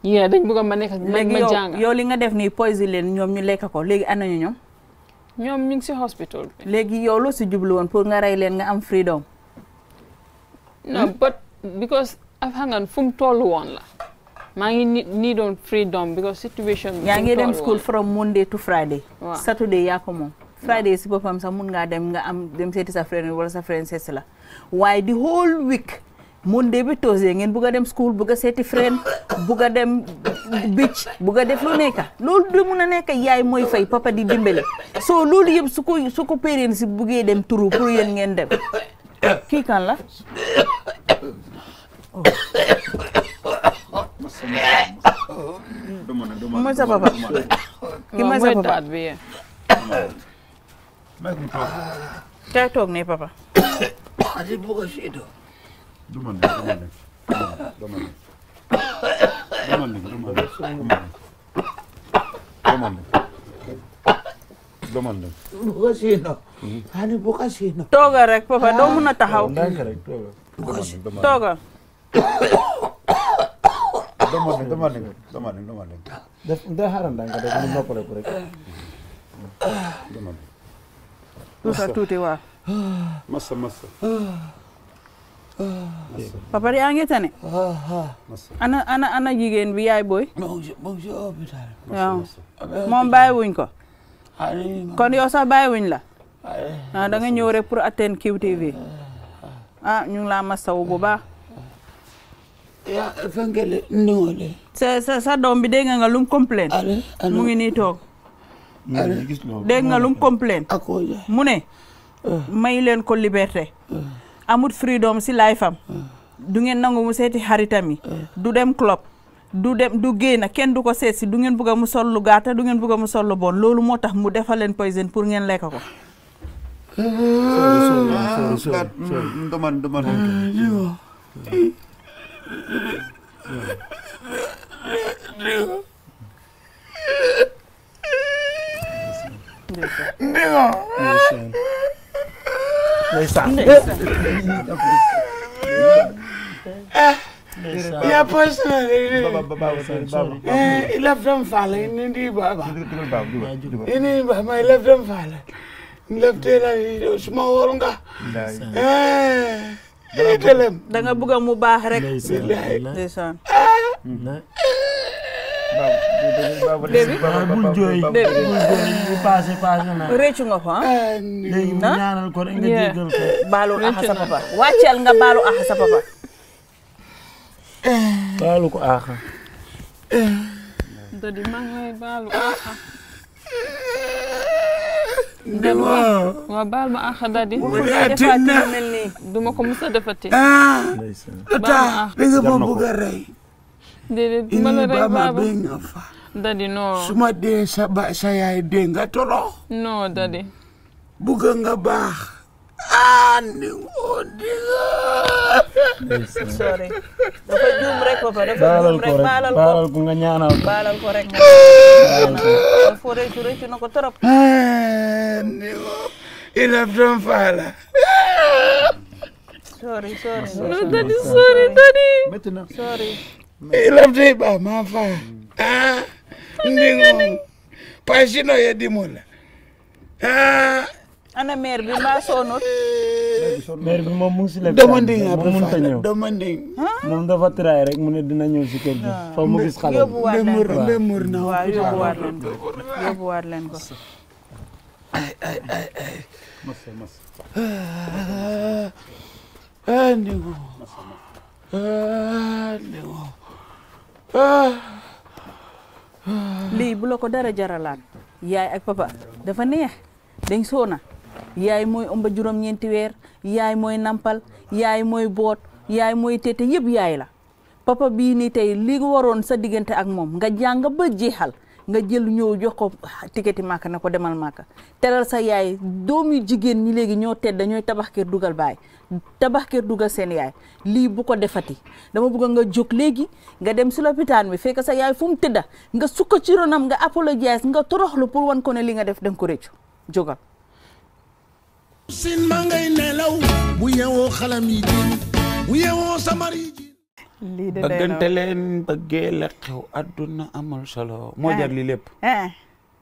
yéen dañ bëgg a ma nekk ma jàng yow li nga def nii poison leen ñoom ñu lekk ko léegi ana ñu ñoom. ñoom ñu ngi si hospital léegi yow loo si jublu woon pour nga rey leen nga am freedom. no hmm? but because afhangan fu mu toll woon la. maa ngi ni nii doon freedom because situation. yaa ngi dem school from Monday to Friday. Saturday yaa ko moom. friday si boppam sax mun nga dem nga am dem seti sa friend wala sa friend seet la why the whole week Monday bi toze ngeen bugg dem school bugg seti friend bugg dem beach bugg a def lu nekk loolu du mun nekk yaay moy fay papa di dimbale So loolu yëpp suko suko su si buggee dem turu pour yeen ngeen dem ki kan la oh. mooy sa papa ki mooy may ko mu toog. kaay toog ne papa. ah di bëgg a seetlu. du ma nekk du ma nekk du ma nekk du ma nekk du ma nekk du ma nekk. bëgg a seetlu. ah di bëgg a seetlu. toogal rek papa doo mun a taxaw. toogal. dama nekk dama nekk dama nekk dama nekk. def nga xaaral ndànk def mu noppale ko rek. dama nekk. tuutal tuuti waaw. massa yaa ngi tane. ana ana ana jigéen bi yaay booy. waaw moom bàyyi wuñ kon yow sax bàyyi la. ah da nga ñëw rek pour atteindre QTV. ah ñu ngi laa masawu bu baax. sa doom bi dégg nga lu mu complain. mu ngi nii toog. dégg nga lu mu complain ah, mu ne may leen ko liberté ah. amut freedom si life am ah. du ngeen nangu mu seeti xaritam yi du dem club du dem du génn kenn du ko seet si du ngeen bëgg a mu sol lu gàtta du ngeen bëgg a mu sol lu bon loolu moo mu defal poison pour ngeen lekk ko Yeah. Ndeysaan ndeysaan eh, ya personal ini, faala eh, ini ndi baba ini baba ilaftan faala laftela suma wor nga telem da nga bëgg mu baax rek ndeysaan débi bul jooy bul jooy bu passé passé na réccu iya. nga ko léegi mu ñaanal ko rek nga jéggal ko baalul axa sa papa wàcceel nga baalu axa sa papa baalu ko axa dadi maa ngi lay baalu axa waa baal ma axa dadi defati mel nii duma ko musa defati ah, baal ma axa nga ma bugg a rey ba ma be daddy no suma dee sa ba sa yaay dee nga tolo no daddy bugga nga baax ani odiga oh, sorry dafa juum rek ko fa dafa juum rek balal ko baalal ko nga ñaanal ko baalal ko rek dafa rëccu rëccu na ko trop ani oh. ilaf doon faala sorry sorry no daddy sorry daddy sorry ilabute ba mafa ah ndingo pashino yedimola ah ana maire bi maa sonnoon. maire bi moom mu si la. demanding après moom mënut a ñëw demanding. moom rek mu dina ñëw si kër gi. fa mu gis xale bi yóbbuwaat leen ko ko yóbbuwaat leen ko. ay ay ay ay. masa masa. ah Ndingo ah lii bu ko dara jaralaan yaay ak papa dafa neex dañ soona yaay mooy ëmba juróom-ñeenti weer yaay mooy nampal yaay mooy boot yaay mooy tete yëpp yaay la papa bii nii tey li waroon sa diggante ak moom nga jàng ba jeexal nga jël ñëw jox ko ticket maka na ko demal màkk teral sa yaay doomi jigen ñi léegi ñoo tedd dañooy tabax keer dugal bay tabax keer dugal seen yaay li bu ko defati dama bëgg nga jox léegi nga dem ci l'hôpital mi fekk sa yaay fum mu nga sukk ci ronam nga apologize nga toroxlu pour won ko ne li nga def dang ko reccu jogal sin ma ngay nelaw bu yewoo xalam yi bu yewoo sa mari lii de bëggante leen bëggee solo. moo eh. jar lii lépp. Eh.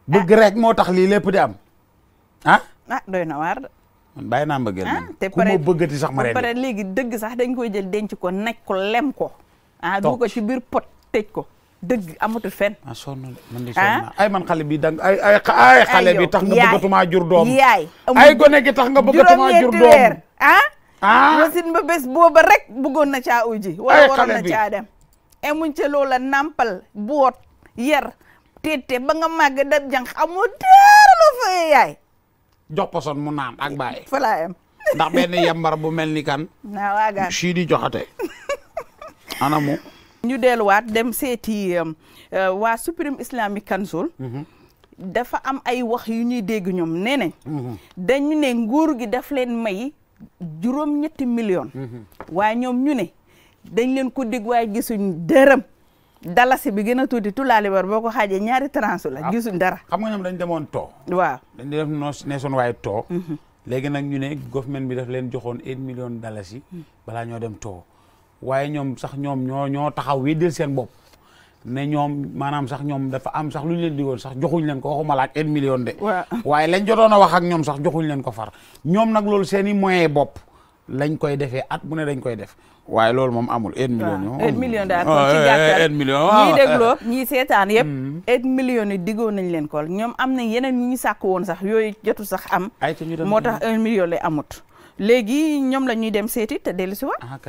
Ah. rek moo tax lii lépp di am ah. ah doy na waar. man bàyyi naa mbëggeel ah, man ku ma bëggati sax ma reen pare léegi dëgg sax dañ koy jël denc ko naj ko lem ko. ah ko ci biir pot tëj ko. dëgg amatul fen ah sonn man di ah? sonn ay man xale bi dang ay ay bi tax nga bëggatumaa jur doom yaay ay gone gi tax nga bëggatumaa jur doom ah ah wasin ba booba rek bëggoon na caa uji wala waroon na caa dem emuñ ca loola nampal boot yar téete ba nga màgg dab jàng amoo dara loo fayee yaay jox poson mu naam ak bàyyi fa laa yem ndax benn yambar bu mel ni kan naa waagaan sii di joxate ana mu ñu delluwaat dem seeti um, uh, waa Supreme Islamic Council mm-hmm. dafa am ay wax yu ñuy dégg ñoom nee nañ mm-hmm. dañu ne nguur gi daf leen may juróom ñetti million mhm. waaye ñoom ñu ne dañ leen ko dig waaye gisuñ dërëm dalasi bi gën a tuuti tulaalibar boo ko xaajee ñaari tranche la ah. gisuñ dara xam nga ñoom dañ demoon too waaw dañ def no neesoon waaye too mhm. léegi nag ñu ne government bi daf leen joxoon eight million dalasi mhm. balaa ñoo dem too waaye ñoom sax ñoom ñoo ñoo taxaw wéy del seen bopp ne ñoom maanaam sax ñoom dafa am sax lu ñu leen digoon sax joxuñ leen ko waxuma laaj un million de waaye lañ jotoon a wax ak ñoom sax joxuñ leen ko far ñoom nag loolu seen i bopp lañ koy defee at mu ne dañ koy def waaye loolu moom amul un million un million million ñii seetaan yëpp mm-hmm. un million yi nañ leen ko ñoom am nañ yeneen ñu ñu sàkk woon sax yooyu jotu sax am moo tax un million lay amut léegi ñoom la dem seeti te dellu si waat ah,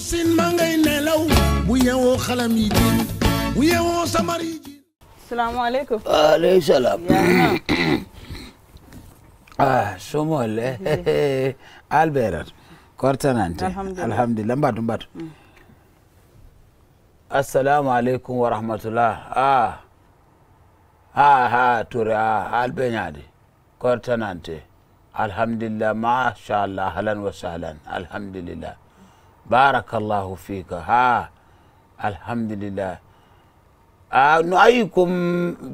السلام عليكم عليك السلام اه شو البرر كورتان انت الحمد لله الحمد لله السلام عليكم ورحمه الله اه ها ها ترى البنيادي كورتان انت الحمد لله ما شاء الله اهلا وسهلا الحمد لله بارك الله فيك ها الحمد لله آه، نعيكم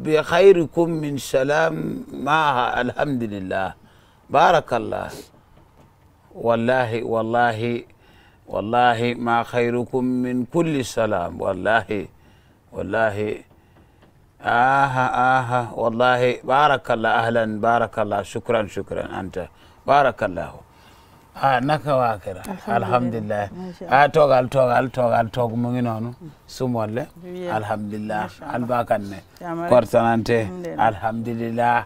بخيركم من سلام معها الحمد لله بارك الله والله والله والله ما خيركم من كل سلام والله والله آه آه والله بارك الله أهلا بارك الله شكرا شكرا أنت بارك الله ah naka waa kër alhamdulilah mu ngi noonu hmm. sumolle alhamdulilah albakanne kortanante alhamdulilah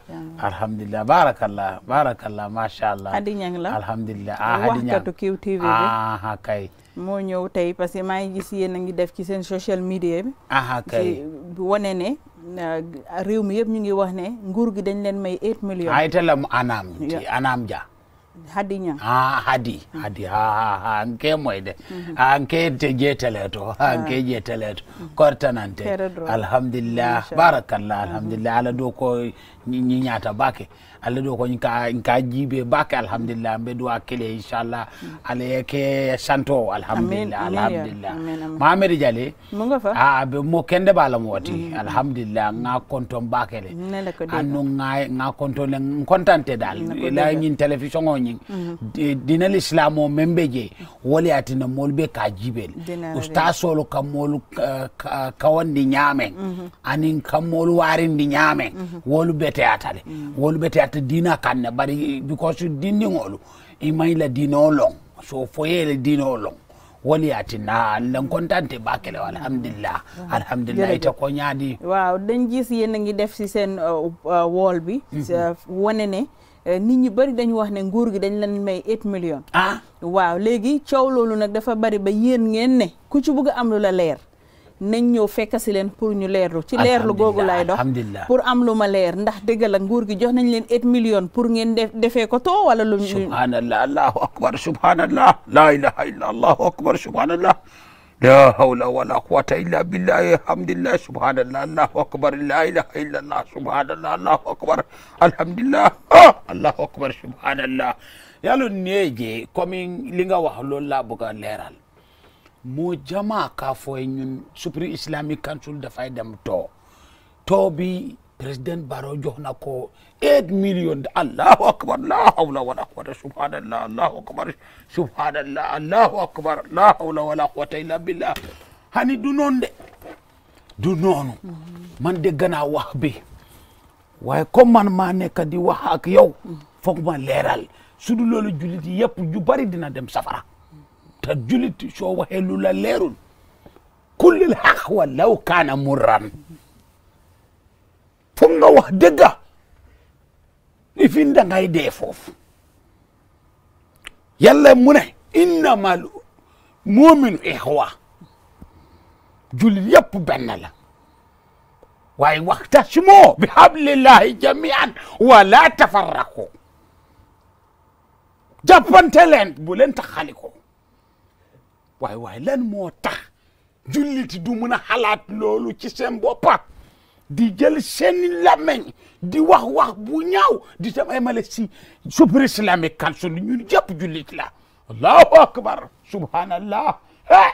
alhamdulilah barakallah masha allah hadi ñang la alhamdulilah ah ah kay moo ñëw tey parce que maa ngi gis yéen a ngi def ci seen social media ah kay wone ne euh, réew mi yëpp ñu ngi wax ne nguur gi dañ leen may 8 millions ay te anaam ja hadi nya ah hadi mm. hadi ha ha anke moyde mm -hmm. anke ah. jeteleto anke jeteleto mm -hmm. kortanante alhamdulillah barakallah alhamdulillah mhm. ala do ko ni nyata bake allah do ko ka jibe bake alhamdulillah mbe duwa kele inchallah hmm. ale yake santo o alhamdulillah alhamdulillah mahamedi diale a be mo kende mo wati hmm. alhamdulillah ga konton bakele nga ga le contante dal la ñin television o ñin dina l'islam o men ɓe je woli atina mol ɓe ka jiibel usta solo kammolu kawandi ñaamen hmm. anin kammolu warindi ñaamen wolu bete atale wolu bete latta dina kanne bari because dindiŋolu imayla dino long so foyele dino long woni yatinna nden contante bakele alhamdulillah alhamdulillah ita ko ñaadi waaw dañ gis yéen a ngi def si seen uh, uh, wall bi mhm. wone ne uh, nit ñi bëri dañu wax ne nguur gi dañ leen may 8 million ah waaw léegi coow loolu nag dafa bari ba yéen ngeen ne ku ci bëgg am lu la leer nañ ñëw fekk si leen pour ñu leerlu ci leerlu googu laay dox pour am lu ma leer ndax dëgg la nguur gi jox nañ leen eight million pour ngeen def defee ko too wala lu subhanallah allahu akbar subhanallah la ilaha illa allahu akbar subhanallah la hawla wala quwata illa billahi alhamdulillah subhanallah allahu akbar la ilaha illa allah subhanallah allahu akbar alhamdulillah ah, allahu akbar subhanallah yàlla nee je comme li nga wax loolu laa bëgg a leeral moo jamaa ka fo ñun Supreme Islamic Council dafay dem too too bi président Barrow jox na ko eight million de allahu akbar la hawla wala quwwata subhanallah subhanallah allahu akbar la hawla wala quwwata illa billah hani du noonu de du noonu man de gannaaw wax bi waaye comme man maa nekk di wax ak yow foog ma leeral su du loolu jullit yëpp ju bari dina dem safara te julit soo waxee lu la leerul kullil xaq walaw kaana murran foog wax dëgga li fi ngay dee foofu yàlla mu ne innamal mu'minu ixwa julit yëpp benn la waaye waxtasimo bi hablillahi jamian wala tafarraqu jàppante leen bu leen taxaliko waaye waaye lan moo tax jullit du mun a xalaat loolu ci seen boppa di jël seeni làmmeñ di wax wax bu ñaaw di tam ay male si super islamique council ñun jëpp jullit la allahu akbar subhanallah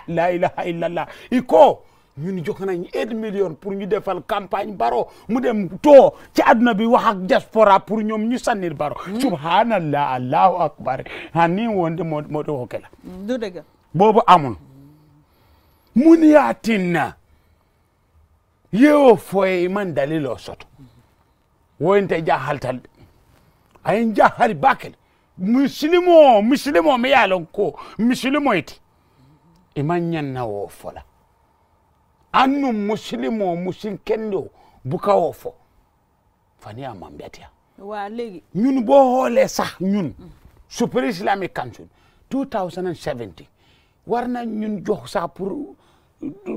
la ilaha illallah iko ñun jox nañ eight million pour ñu defal campagne baro mu dem too ci àdduna bi wax ak diaspora pour ñoom ñu sànnil baro hmm. subhanallah allahu akbar hani wonde moo moo do la bobu amul mun yaa tinna yewo foye iman dalilo soto woyinte jahaltal ayin jahali bakel musilimo musilimo mi ye ko musilimo iti iman nyanna wo fola annu musilimo musin kendo buka wo fo fani a mambetiya wa legi ñun bo hole sax ñun supérieur islamique council 2017 war na ñun jox saa pour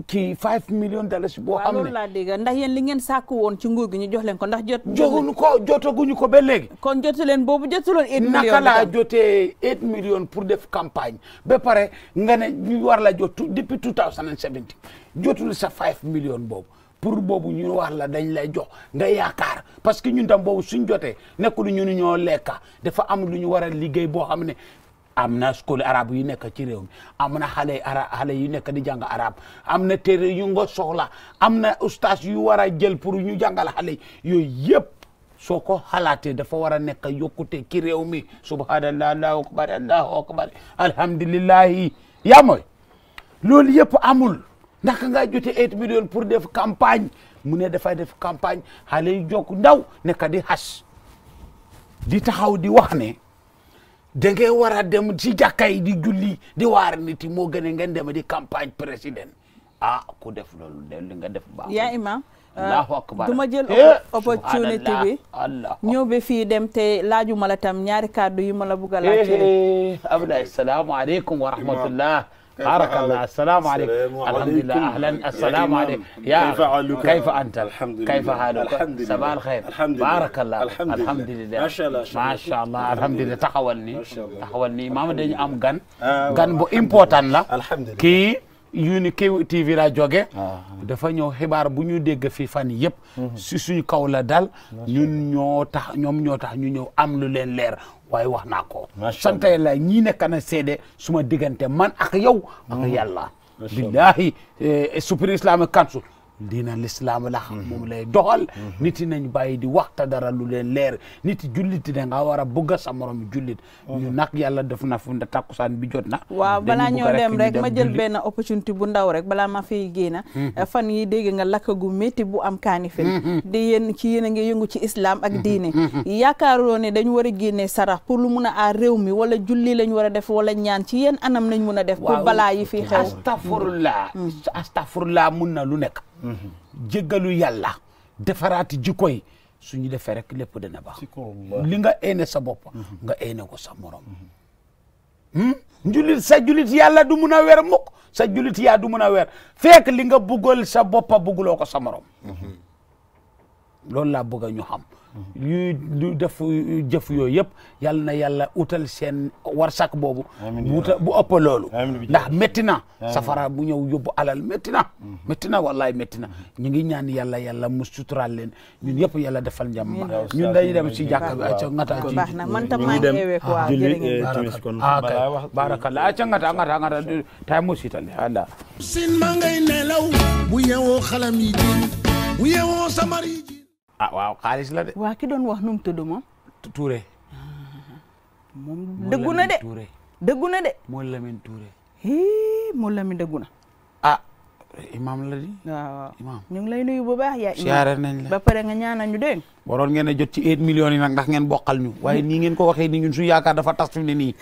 kii five million dollars boo xam laa dégg ndax yéen li ngeen sàkku woon ci nguur gi ñu jox leen ko ndax jot joxuñu ko jotaguñu ko ba léegi kon jotu leen boobu jotu loon eight million naka laa jotee eight million pour def campagne ba pare nga ne ñu war la jot depuis 2017 jotul sa five million boobu pour boobu ñu war la dañ lay jox nga yaakaar parce que ñun tam boobu suñ jotee nekkul ñu ñoo lekka dafa am lu ñu war a liggéey boo xam ne am na école arabe yu nekk ci réew mi am na xale ara xale yu nekk di jàng arab am na téere yu nga soxla am na ustaas yu war a jël pour ñu jàngal xale yooyu yëpp soo ko xalaatee dafa war a nekk te ci réew mi subhanallah allahu akbar allahu akbar alhamdulillahi yaa mooy loolu yëpp amul ndax nga jote 8 millions pour def campagne mu ne dafay def campagne xale yu jokk ndaw nekk di xas di taxaw di wax ne da ngay war a dem ci jàkka yi di julli di waar nit yi moo gën a ngeen dem di campagne président ah ku def loolu de li nga def baax yaa imam allahu akbar ah, du ma jël eh, bi ñëw ba dem te laaju ma la tam ñaari kàddu yi ma la bugg a laajte eh, eh, abdoulaye salaamaaleykum wa rahmatullah حركة الله السلام عليك الحمد لله أهلا السلام عليك يا كيف حالك كيف أنت الحمد لله كيف حالك الحمد لله صباح الخير الحمد لله بارك الله الحمد لله ما شاء الله ما شاء الله الحمد لله تحولني تحولني ما مدني أم غن آه، غن بو gan لا الحمد لله كي Unique TV ra joge ah. dafa ñëw xibaar bu ñu dégg fi fan yëpp mhm. si suñu kaw la dal ñun ñoo tax ñoom ñoo tax ñu ñëw am lu leen leer waaye wax naa ko sant yàlla ñii nekk na seede suma diggante man ak yow ak mhm. yàlla billahi eh, super islamic council diina lislaam la xam mhm. moom lay doxal mhm. nit yi nañ bàyyi di waxta dara lu leen leer nit jullit da nga war a bëgg sa morom jullit oh. ñu nag yàlla def na fu nda takkusaan bi jot na waaw balaa ñoo dem rek ma jël benn opportunité bu ndaw rek balaa ma fiy génna mhm. eh, fan yi dégg nga lakk gu métti bu am kaanifin di yéen ci yéen a ngi yëngu ci islam ak diine yaakaaroo ne dañ war a génne sarax pour lu mun a aar réew mi wala julli lañ war a def wala ñaan ci yéen anam lañ mun a def pour balaa yi fi xew astafurlaa astafurlaa mun na lu nekk jeggalu yàlla defaraati jikko yi su defee rek lépp dana baax. li nga eene sa bopp. Mhm. nga eene ko sa morom. Hmm? njulit sa julit yàlla du mun a weer mukk sa julit yaa du mun a weer fekk li nga buggal sa boppa bugguloo ko sa morom. Mhm. loolu laa bëgg ñu xam. lu def jëf yooyu yep yalla na yalla utal sen warsak bobu buuta ya bu upp loolu ndax metina safara bu ñew yobu alal metina metina mhm. wallahi metina ñi ngi ñaan yalla yalla mu sutural len ñun yep yalla defal jam ya ñun day dem ci jakk bi ci ngata ci baax na man tam maa ñëwee quoi julli eh, ah, ngata ngata ngata tay mu siitale ala sin ma ngay nelaw bu yewoo xalam yi bu yewoo samar Ah, waaw xaalis la de. waa ki doon wax nu mu tudd moom. Touré. moom dëggu de dëggu na de. moo Lamine Touré. hii moo Lamine dëggu na. ah imam la di. waaw imam ñu ngi lay imam nañ ba pare nga ñaanal ñu dégg waroon ngeen a jot ci 8 millions yi ndax ngeen bokkal ñu waaye nii ngeen ko waxee ni ñun suñu yaakaar dafa tas fi mu ne nii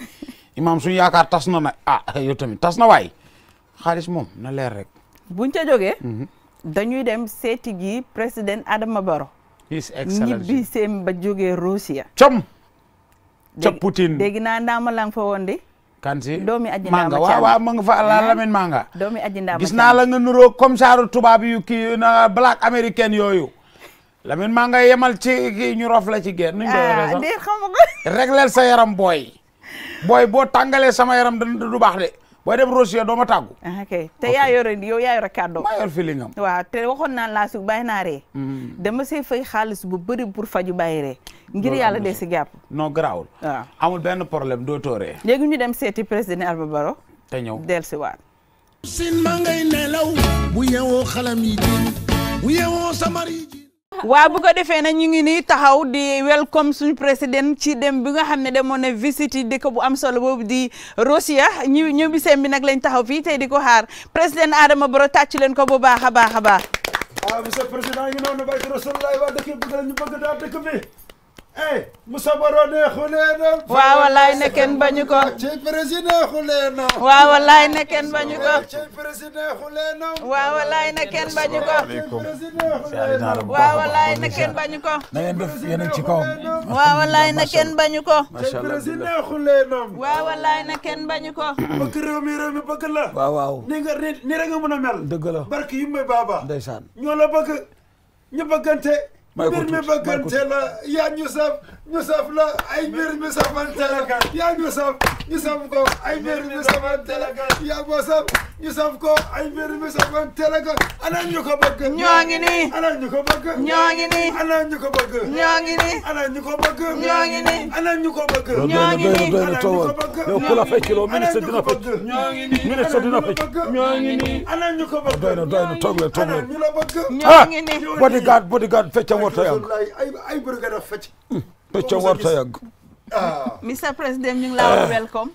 imam suñu yaakaar tas na na ah yow tamit tas na waay xaalis moom na leer rek. buñ ca jógee. Mhm. dañuy dem seeti ji président Adama Barrow. his excellency ñibbiseem ba jógee Russia. com ca Putin na naa ndaama lang fa woon de. manga waaw waaw ma nga fa la lamin manga doomi aji ndaama gis naa la nga nuroo comme saaru tubaab yu kii na black américaine yooyu lamin manga yemal ci kii ñu rof la ci geen nuñ doon ah, de xam sa yaram booy booy boo tàngalee sama yaram du baax de booy dem Rossier doo ma tàggu. Ah, ok te yaa yore yow yaa yore kàddoom. maa yor feeling am. te waxoon naa laa su bàyyi mm. dama see fay xaalis bu bëri pour faju bàyyi re ngir yàlla dee si jàpp. non garaawul. waaw amul benn problème doo tooree. léegi ñu dem seeti président Alba Baro. te ñëw dellusiwaat. sin ma ngay nelaw bu yeewoo xalam yi bu yeewoo waa bu ko defee nag ñu ngi nii taxaw di welcome suñu président ci dem bi nga xam ne demoon na visite dëkk bu am solo boobu di Russia ñu ñu biseen bi nag lañ taxaw fii tey di ko xaar président Adama Barrow tàcc leen ko bu baax a baax a baax. waaw ah, monsieur président ñu noonu baykat ey Moussa Baro neexu leenam waaw wallaay ne kenn bañu ko ci président xu leenam waaw wallaay ne kenn bañu ko ci président xu leenam waaw wallaay ne kenn bañu ko waaw wallaay ne kenn bañu ko na ngeen def yéen a ngi ci kawam waaw wallaay ne kenn bañu ko ci président xu leenam waaw wallaay ne kenn bañu ko bëgg réew mi réew mi bëgg la waaw waaw ni nga ni rek nga mën a mel dëgg la barke yu may baaba ndeysaan ñoo la bëgg ñu bëggante mbir mi bëggante la yaa ñu saf ñu saf la ay mbir mi safante la yaa ñu saf ñu saf ko ay mbir mi safante la yaa ko saf ñu saf ko ay mbir mi safante la ana ñu ko bëgg ñoo ngi nii ana ñu ko bëgg ñoo ngi nii ana ñu ko bëgg ñoo ngi nii ana ñu ko bëgg ñoo ngi nii ana ñu ko bëgg ñoo ngi nii ana ñu ko bëgg yow ku la fekkiloo ministre dina fekk ñoo ngi nii ministre dina fekk ñoo ngi nii ana ñu ko bëgg doy na doy na toog leen toog leen ah! ñoo ngi nii bodyguard bodyguard fecca warta yàgg ay ay burga da fecc pëcc warta yàgg. Ah. Mr President ñu ngi laa wax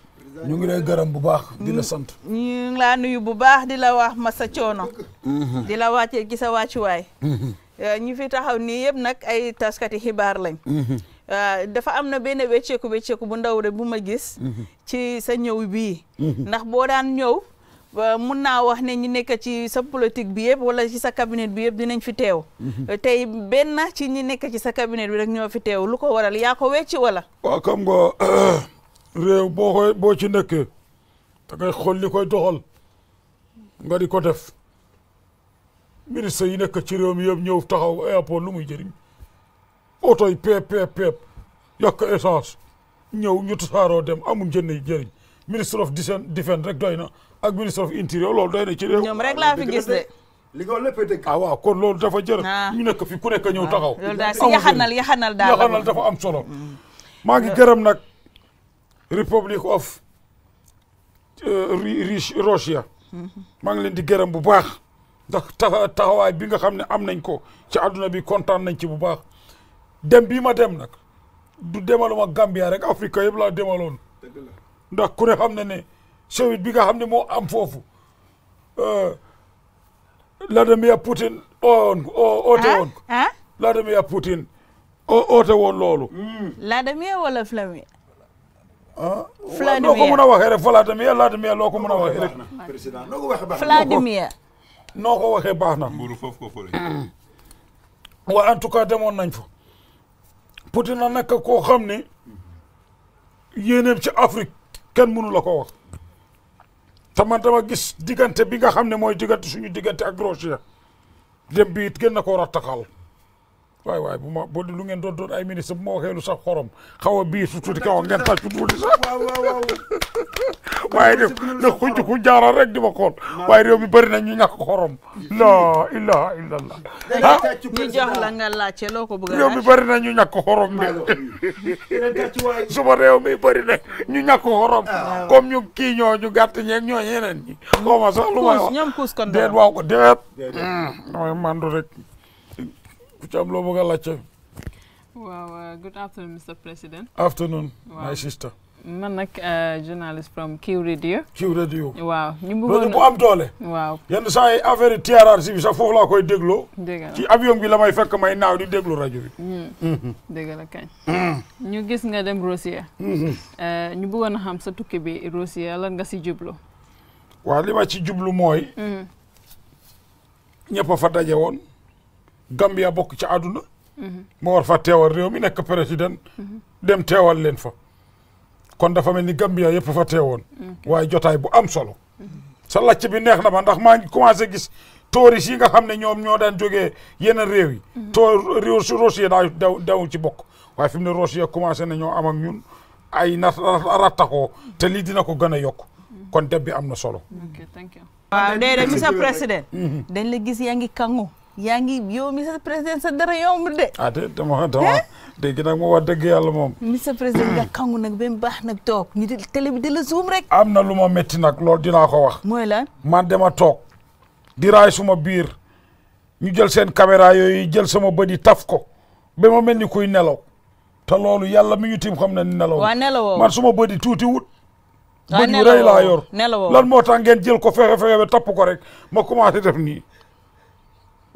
ñu ngi lay gërëm bu baax di la mm. sant. ñu ngi laa nuyu bu baax di la wax masa coono. Mm-hmm. di la wàccee ci sa wàccuwaay. Mm-hmm. Eh, ñi fi taxaw nii yëpp nag ay taskati xibaar lañ. Mm-hmm. Eh, dafa am na benn wécceeku wécceeku bu ndaw rek bu ma gis. ci sa ñëw bi ndax boo daan ñëw. Euh, mun naa wax ne ñi nekk ci sa politique bi yëpp wala ci sa cabinet bi yëpp dinañ fi teew. Mhm. Euh, tey benn ci ñi nekk ci sa cabinet bi rek ñoo fi teew lu ko waral yaa ko wecc wala. waaw xam nga réew boo ci nekkee da ngay xool li koy doxal nga di ko def ministre yi nekk ci réew mi yëpp ñëw taxaw airport lu muy jëriñ oto yi peep peep peep yàq essence ñëw ñu tasaaroo dem amul njëriñ jëriñ ministre of defence rek doy na. ak ministre of intérieur loolu doy na ci réew. ñoom rek laa fi gis de. li nga lépp dëgg ah waaw kon loolu dafa jër ah. ñu nekk fi ku nekk ñëw taxaw. loolu daal si yaxanal yaxanal daal yaxanal dafa am solo. Mm. maa ngi gërëm nag Republic of euh, Russia. Mm-hmm. maa ngi leen di gërëm bu baax ndax taxawaay bi nga xam ne am nañ ko ci àdduna bi kontaan nañ ci bu baax dem bi ma dem nag du demaluma Gambia rek Afrique yëpp laa demaloon ndax ku ne xam ne ne. showit bi nga xam ne moo am foofu euh, Vladimir Putin oon oote ah, woon ko ah? Vladimir Putin oote woon loolu hmm. Vladimir wala Vladimir ah Vladimir noo ko mën a waxee rek Vladimir Vladimir loo ko mën a waxee rek président noo ko waxee baax noo ko waxee baax na mburu foofu ko fële waaye en tout cas demoon nañ fa Putin na nekk koo xam ne yéeneem ci Afrique kenn mënu la ko wax te man dama gis diggante bi nga xam ne mooy diggante suñu diggante ak Russia dem bi it gën na ko war a taxal waay waay buma ma bodi lu ngeen doon doon ay ministre bu ma waxee lu sax xorom xaw a bii su tuuti kaw ngeen tàcc tuuti sax def na ku rek di ma xool waaye mi bëri na ñu xorom la ilaha illallah ah ñu jox la nga laajte loo ko bëgg réew mi bëri na ñu ñàkk xorom de suma réew mi bëri na ñu ñàkk xorom ah. comme ñu kii ñoo ñu gàtt ñeeg ñoo ñeneen ñi xaw ma sax lu wax waaw ko hmm, rek ku moga am loo Wow, uh, good afternoon Mr President. afternoon my sister. man nag uh, journalist from Q Radio. Q Radio. Wow, ñu bëggoon bu am doole. Wow. yenn saa yi affaire yi TRRC bi sax foofu laa koy dégloo. ci avion bi la fekk may di Deglo radio bi. Hmm. Mhm. dëgg la kañ. Hmm. ñu gis nga dem Russia. Mhm. Uh, ñu bëggoon a xam sa tukki bi Russia lan nga si jublu. waaw ma ci jublu mooy. Hmm. ñëpp a fa won. Gambia bokk ci àdduna moo war fa teewal réew mi nekk président dem teewal leen fa kon dafa mel ni Gambia yëpp fa teewoon waaye jotaay bu am solo sa làcc bi neex na ma ndax maa ngi commencé gis touristes yi nga xam ne ñoom ñoo daan jógee yeneen réew yi mhm. toor réew su Russie daa daw daw ci bokk waaye fi mu ne Russie commencé na ñoo am ak ñun ay na ko te lii dina ko gën a yokk kon deb bi am na solo waaw déedéet monsieur président mhm. dañ gis yaa ngi kangu yaa ngi yow monsieur le président sa dara yomb de. ah te dama dama dégg nag moo wax dëgg yàlla moom. monsieur le président nga kangu nag ba baax nag toog ñu di télé bi di la zoom rek. am na lu ma métti nag lool dinaa ko wax. mooy lan man dama toog. di raay suma biir ñu jël seen caméra yooyu jël sama bët yi taf ko be ma mel ni kuy nelaw te loolu yàlla mi ñu tim xam na ni nelaw. waa nelawoo man suma bët yi tuuti wut. waa nelawoo la yu rëy laa yor. moo tax ngeen jël ko fexe fexe ba tapp ko rek ma commencé def nii.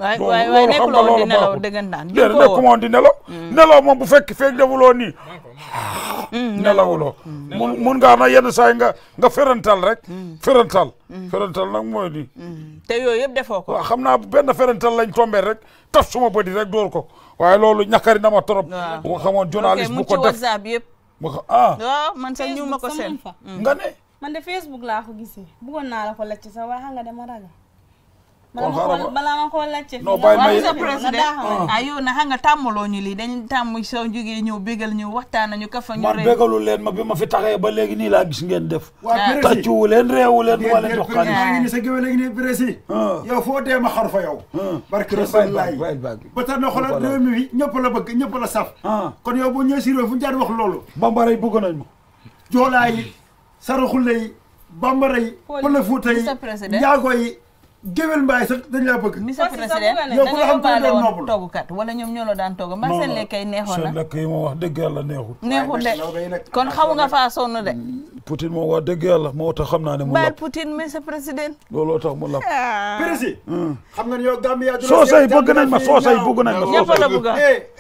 waay waay waay nekkul woon di nelaw dëggantaan jukkoo woon nekkul woon di nelaw. nelaw moom bu fekk feeg defuloo nii. Hmm, hmm, nelawuloo hmm, mun mun ngaa na yenn saa nga nga ferental rek. ferental. ferental nag mooy nii. te yooyu yëpp defoo ko. waaw xam naa benn ferental lañ tombé rek taf suma bëri rek door ko waaye loolu ñàkkari na ma trop. bu ko xamoon journaliste bu ko def ok ko ah. waaw nga ne. man de Facebook laa ko gisee. bëggoon la ko lacc sax waaye xam nga dama ragal. kon xaaral ma balaa ma koo laajte fii. non bàyyi ma yéen ah. ah, na xam nga tàmmaloo ñu lii dañ tàmm soo jógee ñëw bégal ñu waxtaan nañu kafa ñu. man bégalu leen ma bi ma fi taxee ba léegi nii laa gis ngeen def. waaw ah. tàccuwu leen réewu leen. wala jox xaalis ngi ni sa géwél ngi ni président. yow foo dee ma xar fa yow. barke Rasulullaay ba tax na xoolal réew mi ñëpp la bëgg ñëpp la saf. kon yow bu ñëwee si fu ñu wax loolu. bambara yi bëgg nañ ma. joolaa yi bambara yi pëlëfuuta yi ñaago géwél mbaay sax dañ laa bëgg. monsieur le président yow ku la xam da nga noppal toggukat wala ñoom ñoo la daan togg. mbaa seen lekk yi neexoon na lekk yi moom wax dëgg yàlla neexul. neexul de kon xaw nga faa sonn de. Mm, Poutine moom wax dëgg yàlla moo tax xam naa ne mu lapp. baal Poutine monsieur président. looloo tax mu lapp. Ah. président. Mm. xam nga yow Gambia du la soosay bëgg nañ ma soosay bëgg nañ ma soosay. ñëpp eh, la bëgg a.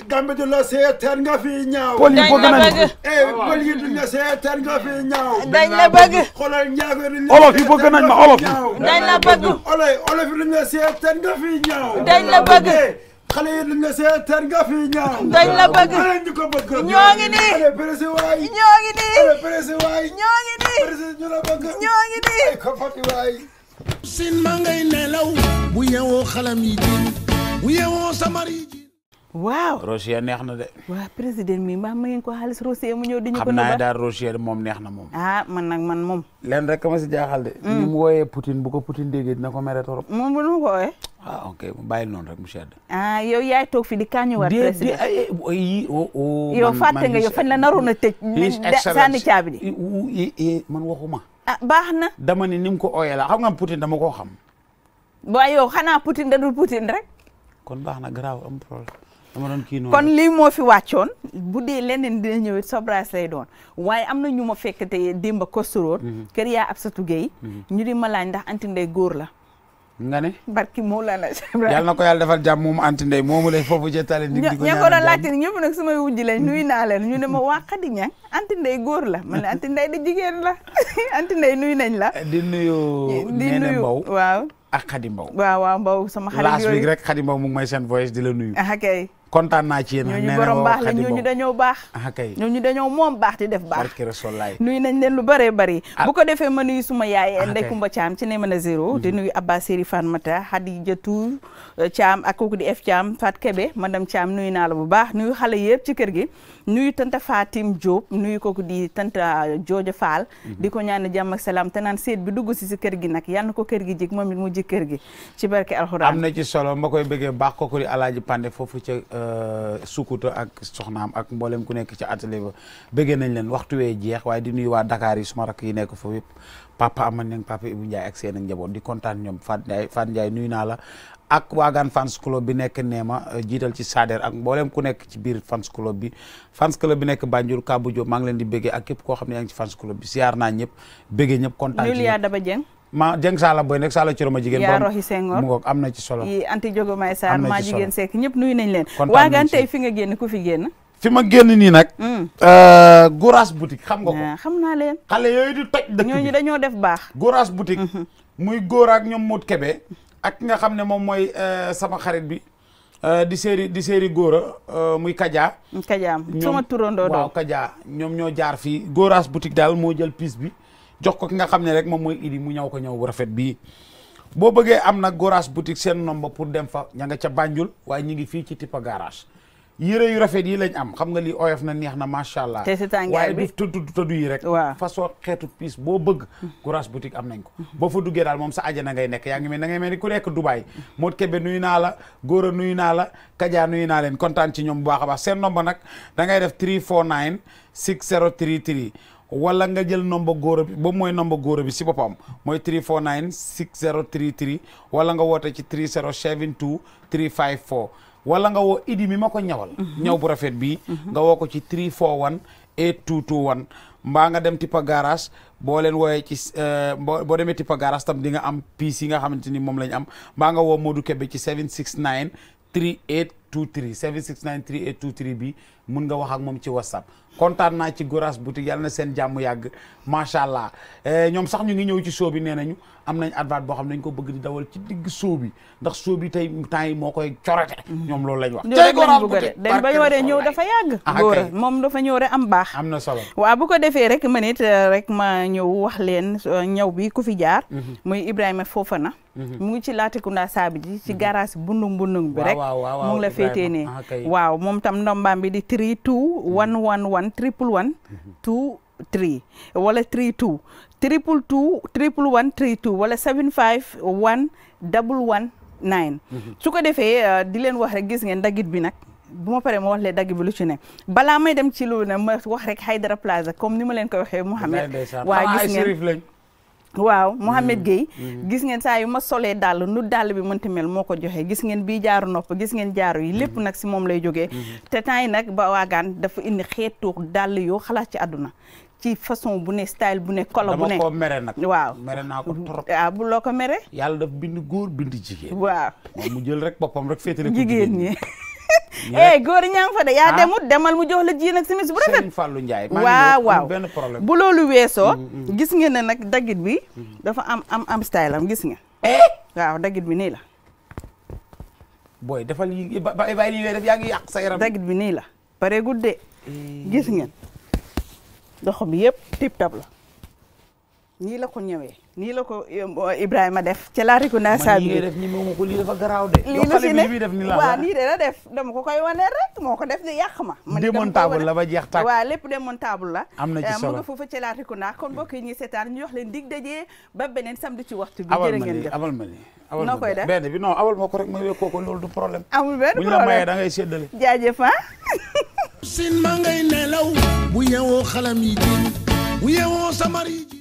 Gambia du la seetaan nga fi ñaaw. pël yi bëgg nañ ma eh, pël yi du la seetaan nga fi ñaaw. dañ la bëgg. xoolal ñaaw olof yi bëgg nañ ma olof yi. dañ la bëgg waay olof yi luñ la seetaan nga fi ñaaw. dañ la bëgg xale yi luñ la seetaan nga fi ñaaw. dañ la bëgg ñu ko bëgg. ñoo ngi nii xale presse waay. ñoo ngi nii xale presse waay. ñoo ngi nii presse ñu la bëgg. ñoo ngi nii ay ko fati waay. sin ma ngay nelaw bu yeewoo xalam yi diin bu yeewoo samar yi waaw rosia neex na de. waaw président mi mbaa ma ngeen ko xaalis rosia mu ñëw di ñu ko. xam daal rosia moom neex na moom. ah man nag man moom. len rek ma si jaaxal de. Mm. ni mu wooyee Poutine bu ko Poutine déggee dina ko mere torop. moom bu nu ko wooyee. ah ok mu bàyyi noonu rek monsieur Adda. ah yow yaay toog fi di war président de de ay oh, oh, oh, yow fàtte nga yow fañ la naroon a tëj. his excellence sànni caabi di. man waxuma. ah baax na. dama ni ni mu ko ooyee la xam nga Poutine dama koo xam. waaye yow xanaa Poutine da dul Poutine rek. kon baax na garaaw am problème. kon lii moo fi wàccoon bu dee leneen dina ñëwit sobrage lay doon waaye am na ñu ma fekk te démba kosturóor mhm. kër yaa ab sa tuggeey mhm. ñu di ma laaj ndax anti ndey góor la nga ne barki Mawlana yàlla na ko yàlla defal jàmm mu anti moomu lay foofu jëttale nit ñi ko doon laajte ni ñëpp nag sumay wujj lañ nuyu naa leen ñu ne ma waa Xadi Ñang anti ndey góor la ma la anti ndey da jigéen la anti ndey nañ la di nuyu di nuyu Mbow waaw ak Xadi Mbow waaw waaw Mbow sama xarit yooyu last rek Xadi Mbow mu ngi may seen voyage di la nuyu ah kontaan naa ci yéen ñooñu borom baax la ñooñu dañoo baax ah kay ñooñu dañoo moom baax di def baax barke rasulaay nuyu nañ leen lu bëree bëri ah. bu ko defee ma nuyu suma yaay Ndey Kumba Caam ci ne mën a zéro di nuyu Abba Seri Fan Mata Hadi Jatu Caam ak kooku di F Caam Fat Kebe madame Caam nuyu naa la bu baax nuyu xale yëpp ci kër gi nuyu tanta Fatim Diop nuyu kooku di tanta euh, Jooja Fall mhm. di ko ñaan jàmm ak salaam te naan seet bi dugg si si kër gi nag yal ko kër gi jik moom it mu ji kër gi ci barke alxuraan am na ci solo ma koy bëggee baax kooku di alaaji Pande foofu ca euh, Sukuta ak soxnaam ak mboolem ku nekk ci atelier ba bëggee nañ leen waxtu wee jeex waaye di nuyu waa Dakar yi suma rakk yi nekk foofu yëpp papa aman neng papa Ibu Ndiaye ak seen ak njaboot di kontaan ñoom Fat Ndiaye Fat nuyu naa la ak wagan fans club bi nek Neema eh, jital ci Sader ak mbollem ku nek ci bir fans club bi fans club bi nek banjur Kabou jo maa di béggee ak kep ko xamni yang ci fans club bi siar na ñep béggee ñep contact ci Lulia Daba Jeng ma jeng sala boy nek sala ci roma jigen ya rohi sengor mu ngoog ci solo yi anti jogo may saar ma jigen sek ñep nuy nañ len wagan tay fi nga genn ku fi genn fi ma ni nak mm. euh gouras boutique xam nga ko ah, xam naa leen xale yooyu di toj dekk ñoo ñooñu dañoo def bax gouras boutique mm-hmm. muy gor ak ñom Mout kebe ak nga xam ne moom mooy euh, sama xarit bi euh, di séeri di séeri góora euh, muy Kaja. Kaja sama turandoo doon waaw Kaja ñoom ñoo jaar fii góoraas boutique daal moo jël piis bi jox ko ki nga xam ne rek moom mooy idi mu ñaw ko ñëw bu rafet bii. boo bëggee am na góoraas boutique seen nomba pour dem fa ña nga ca bànjul waaye ñu ngi fii ci Tippa garage. yere yu rafet yi lañ am xam nga li oyof na neex na machallah allah. te si tàngaay bi waaye du tudd tudd yi rek. fa so xeetu pis bo bëgg. courage boutique am nañ ko. Mhm. bo fa duggé dal mom sa na ngay nek yaa ngi mel na ngay mel ku nekk dubai Modou kebe nuy na la goro nuy na la Kaja nuy na len contane ci ñom bu baax ba sen nombre nak da ngay def 349 6033 wala nga jël nombre goro bi bo moy nombre goro bi ci bopam moy 349 6033 wala nga wote ci 3072 354. wala nga woo idi mi ma ko ñawal mhm. ñaw bu rafet bi mhm. nga woo ko ci 341 8221 mbaa nga dem tippa garage boo leen wooyee ci eh, boo demee tippa garage tam di nga am piis yi nga xamante ni moom lañ am mbaa nga woo Modou Kebe ci 769 3823 769 3823 bi mun nga wax ak moom ci whatsapp kontaan naa ci Goraas boutique yàlla na seen jàmm yàgg macha allah eh, ñoom sax ñu ngi ñëw ci show bi nee nañu am nañ advert boo xam ne dañ ko bëgg di dawal ci digg show bi ndax show bi tey yi moo koy corate mhm. ñoom lool lañ wax tey Goraas boutique dañ ba ñëw de ñëw dafa yàgg ah, moom dafa ñëw rek am baax am na solo waaw bu ko defee rek man it eh, rek ma ñëw wax leen ñëw bi ku fi jaar mhm. muy Ibrahima Fofana mhm. mu ngi ci Latrikunda Saabiji ci garage bundung bundung bi rek mu ngi la féetee ne ah, waaw moom tam ndombam three two one one one triple one two three wala three two triple two triple one three two wala seven five one double one nine su ko defee uh, di leen wax rek gis ngeen daggit bi nag bu ma paree ma wax leen bi lu ci ne balaa may dem ci lu ne ma wax rek Haidara Plaza comme ni ma leen ko waxee Mouhamed waa gis ngeen waaw Mouhamed mm. Gueye mm. Mm. gis ngeen saa yu ma solee dàll nu dàll bi mënti mel moo ko joxee gis ngeen bii jaaru nopp gis ngeen jaaru yi lépp nag si moom lay jógee mm-hmm. te temps yi nag ba waagaan dafa indi xeetu dàll yoo xalaat ci àdduna ci façon bu ne style bu ne kolo bu ne nag waaw mere naa ko trop ah, bu loo ko mere yàlla dafa bind góor bind jigéen waaw mu jël rek boppam rek féetale ko jigéen ñi eh góor ñaa ngi fa de yaa ah. demut demal mu jox la ji nag simis bu rafet. Serigne Fallou Ndiaye waaw waaw benn problème bu loolu weesoo mm, mm. gis nga ne nag daggit bi mm. dafa am am am style am gis nga eh? waaw daggit bi nii la booy dafa yàq sa yaram bi nii la pare guddee eh. gis ngeen dox bi yëpp tip tap la nii la ko ñëwee nii la ko eh, Ibrahima def ca laariku naa saa bi def nii ko lii dafa garaaw de. lii la si nii de la def dama ko koy wane rek moo ko def di yàq ma. ma démontable la ba jeex tàkk waaw lépp démontable la. am na ci solo eh, mu nga foofu ca laariku naa kon mbokk yi ñuy seetaan ñu jox leen dig daje ba beneen samedi ci waxtu bi. jërë ngeen jëf awal ma nii awal ma nii. noo koy def benn bi non awal ma ko rek ma wékkoo du problème. da ngay séddale. jaajëf ah. sin ma ngay nelaw bu yeewoo xalam yi bu yeewoo samar yi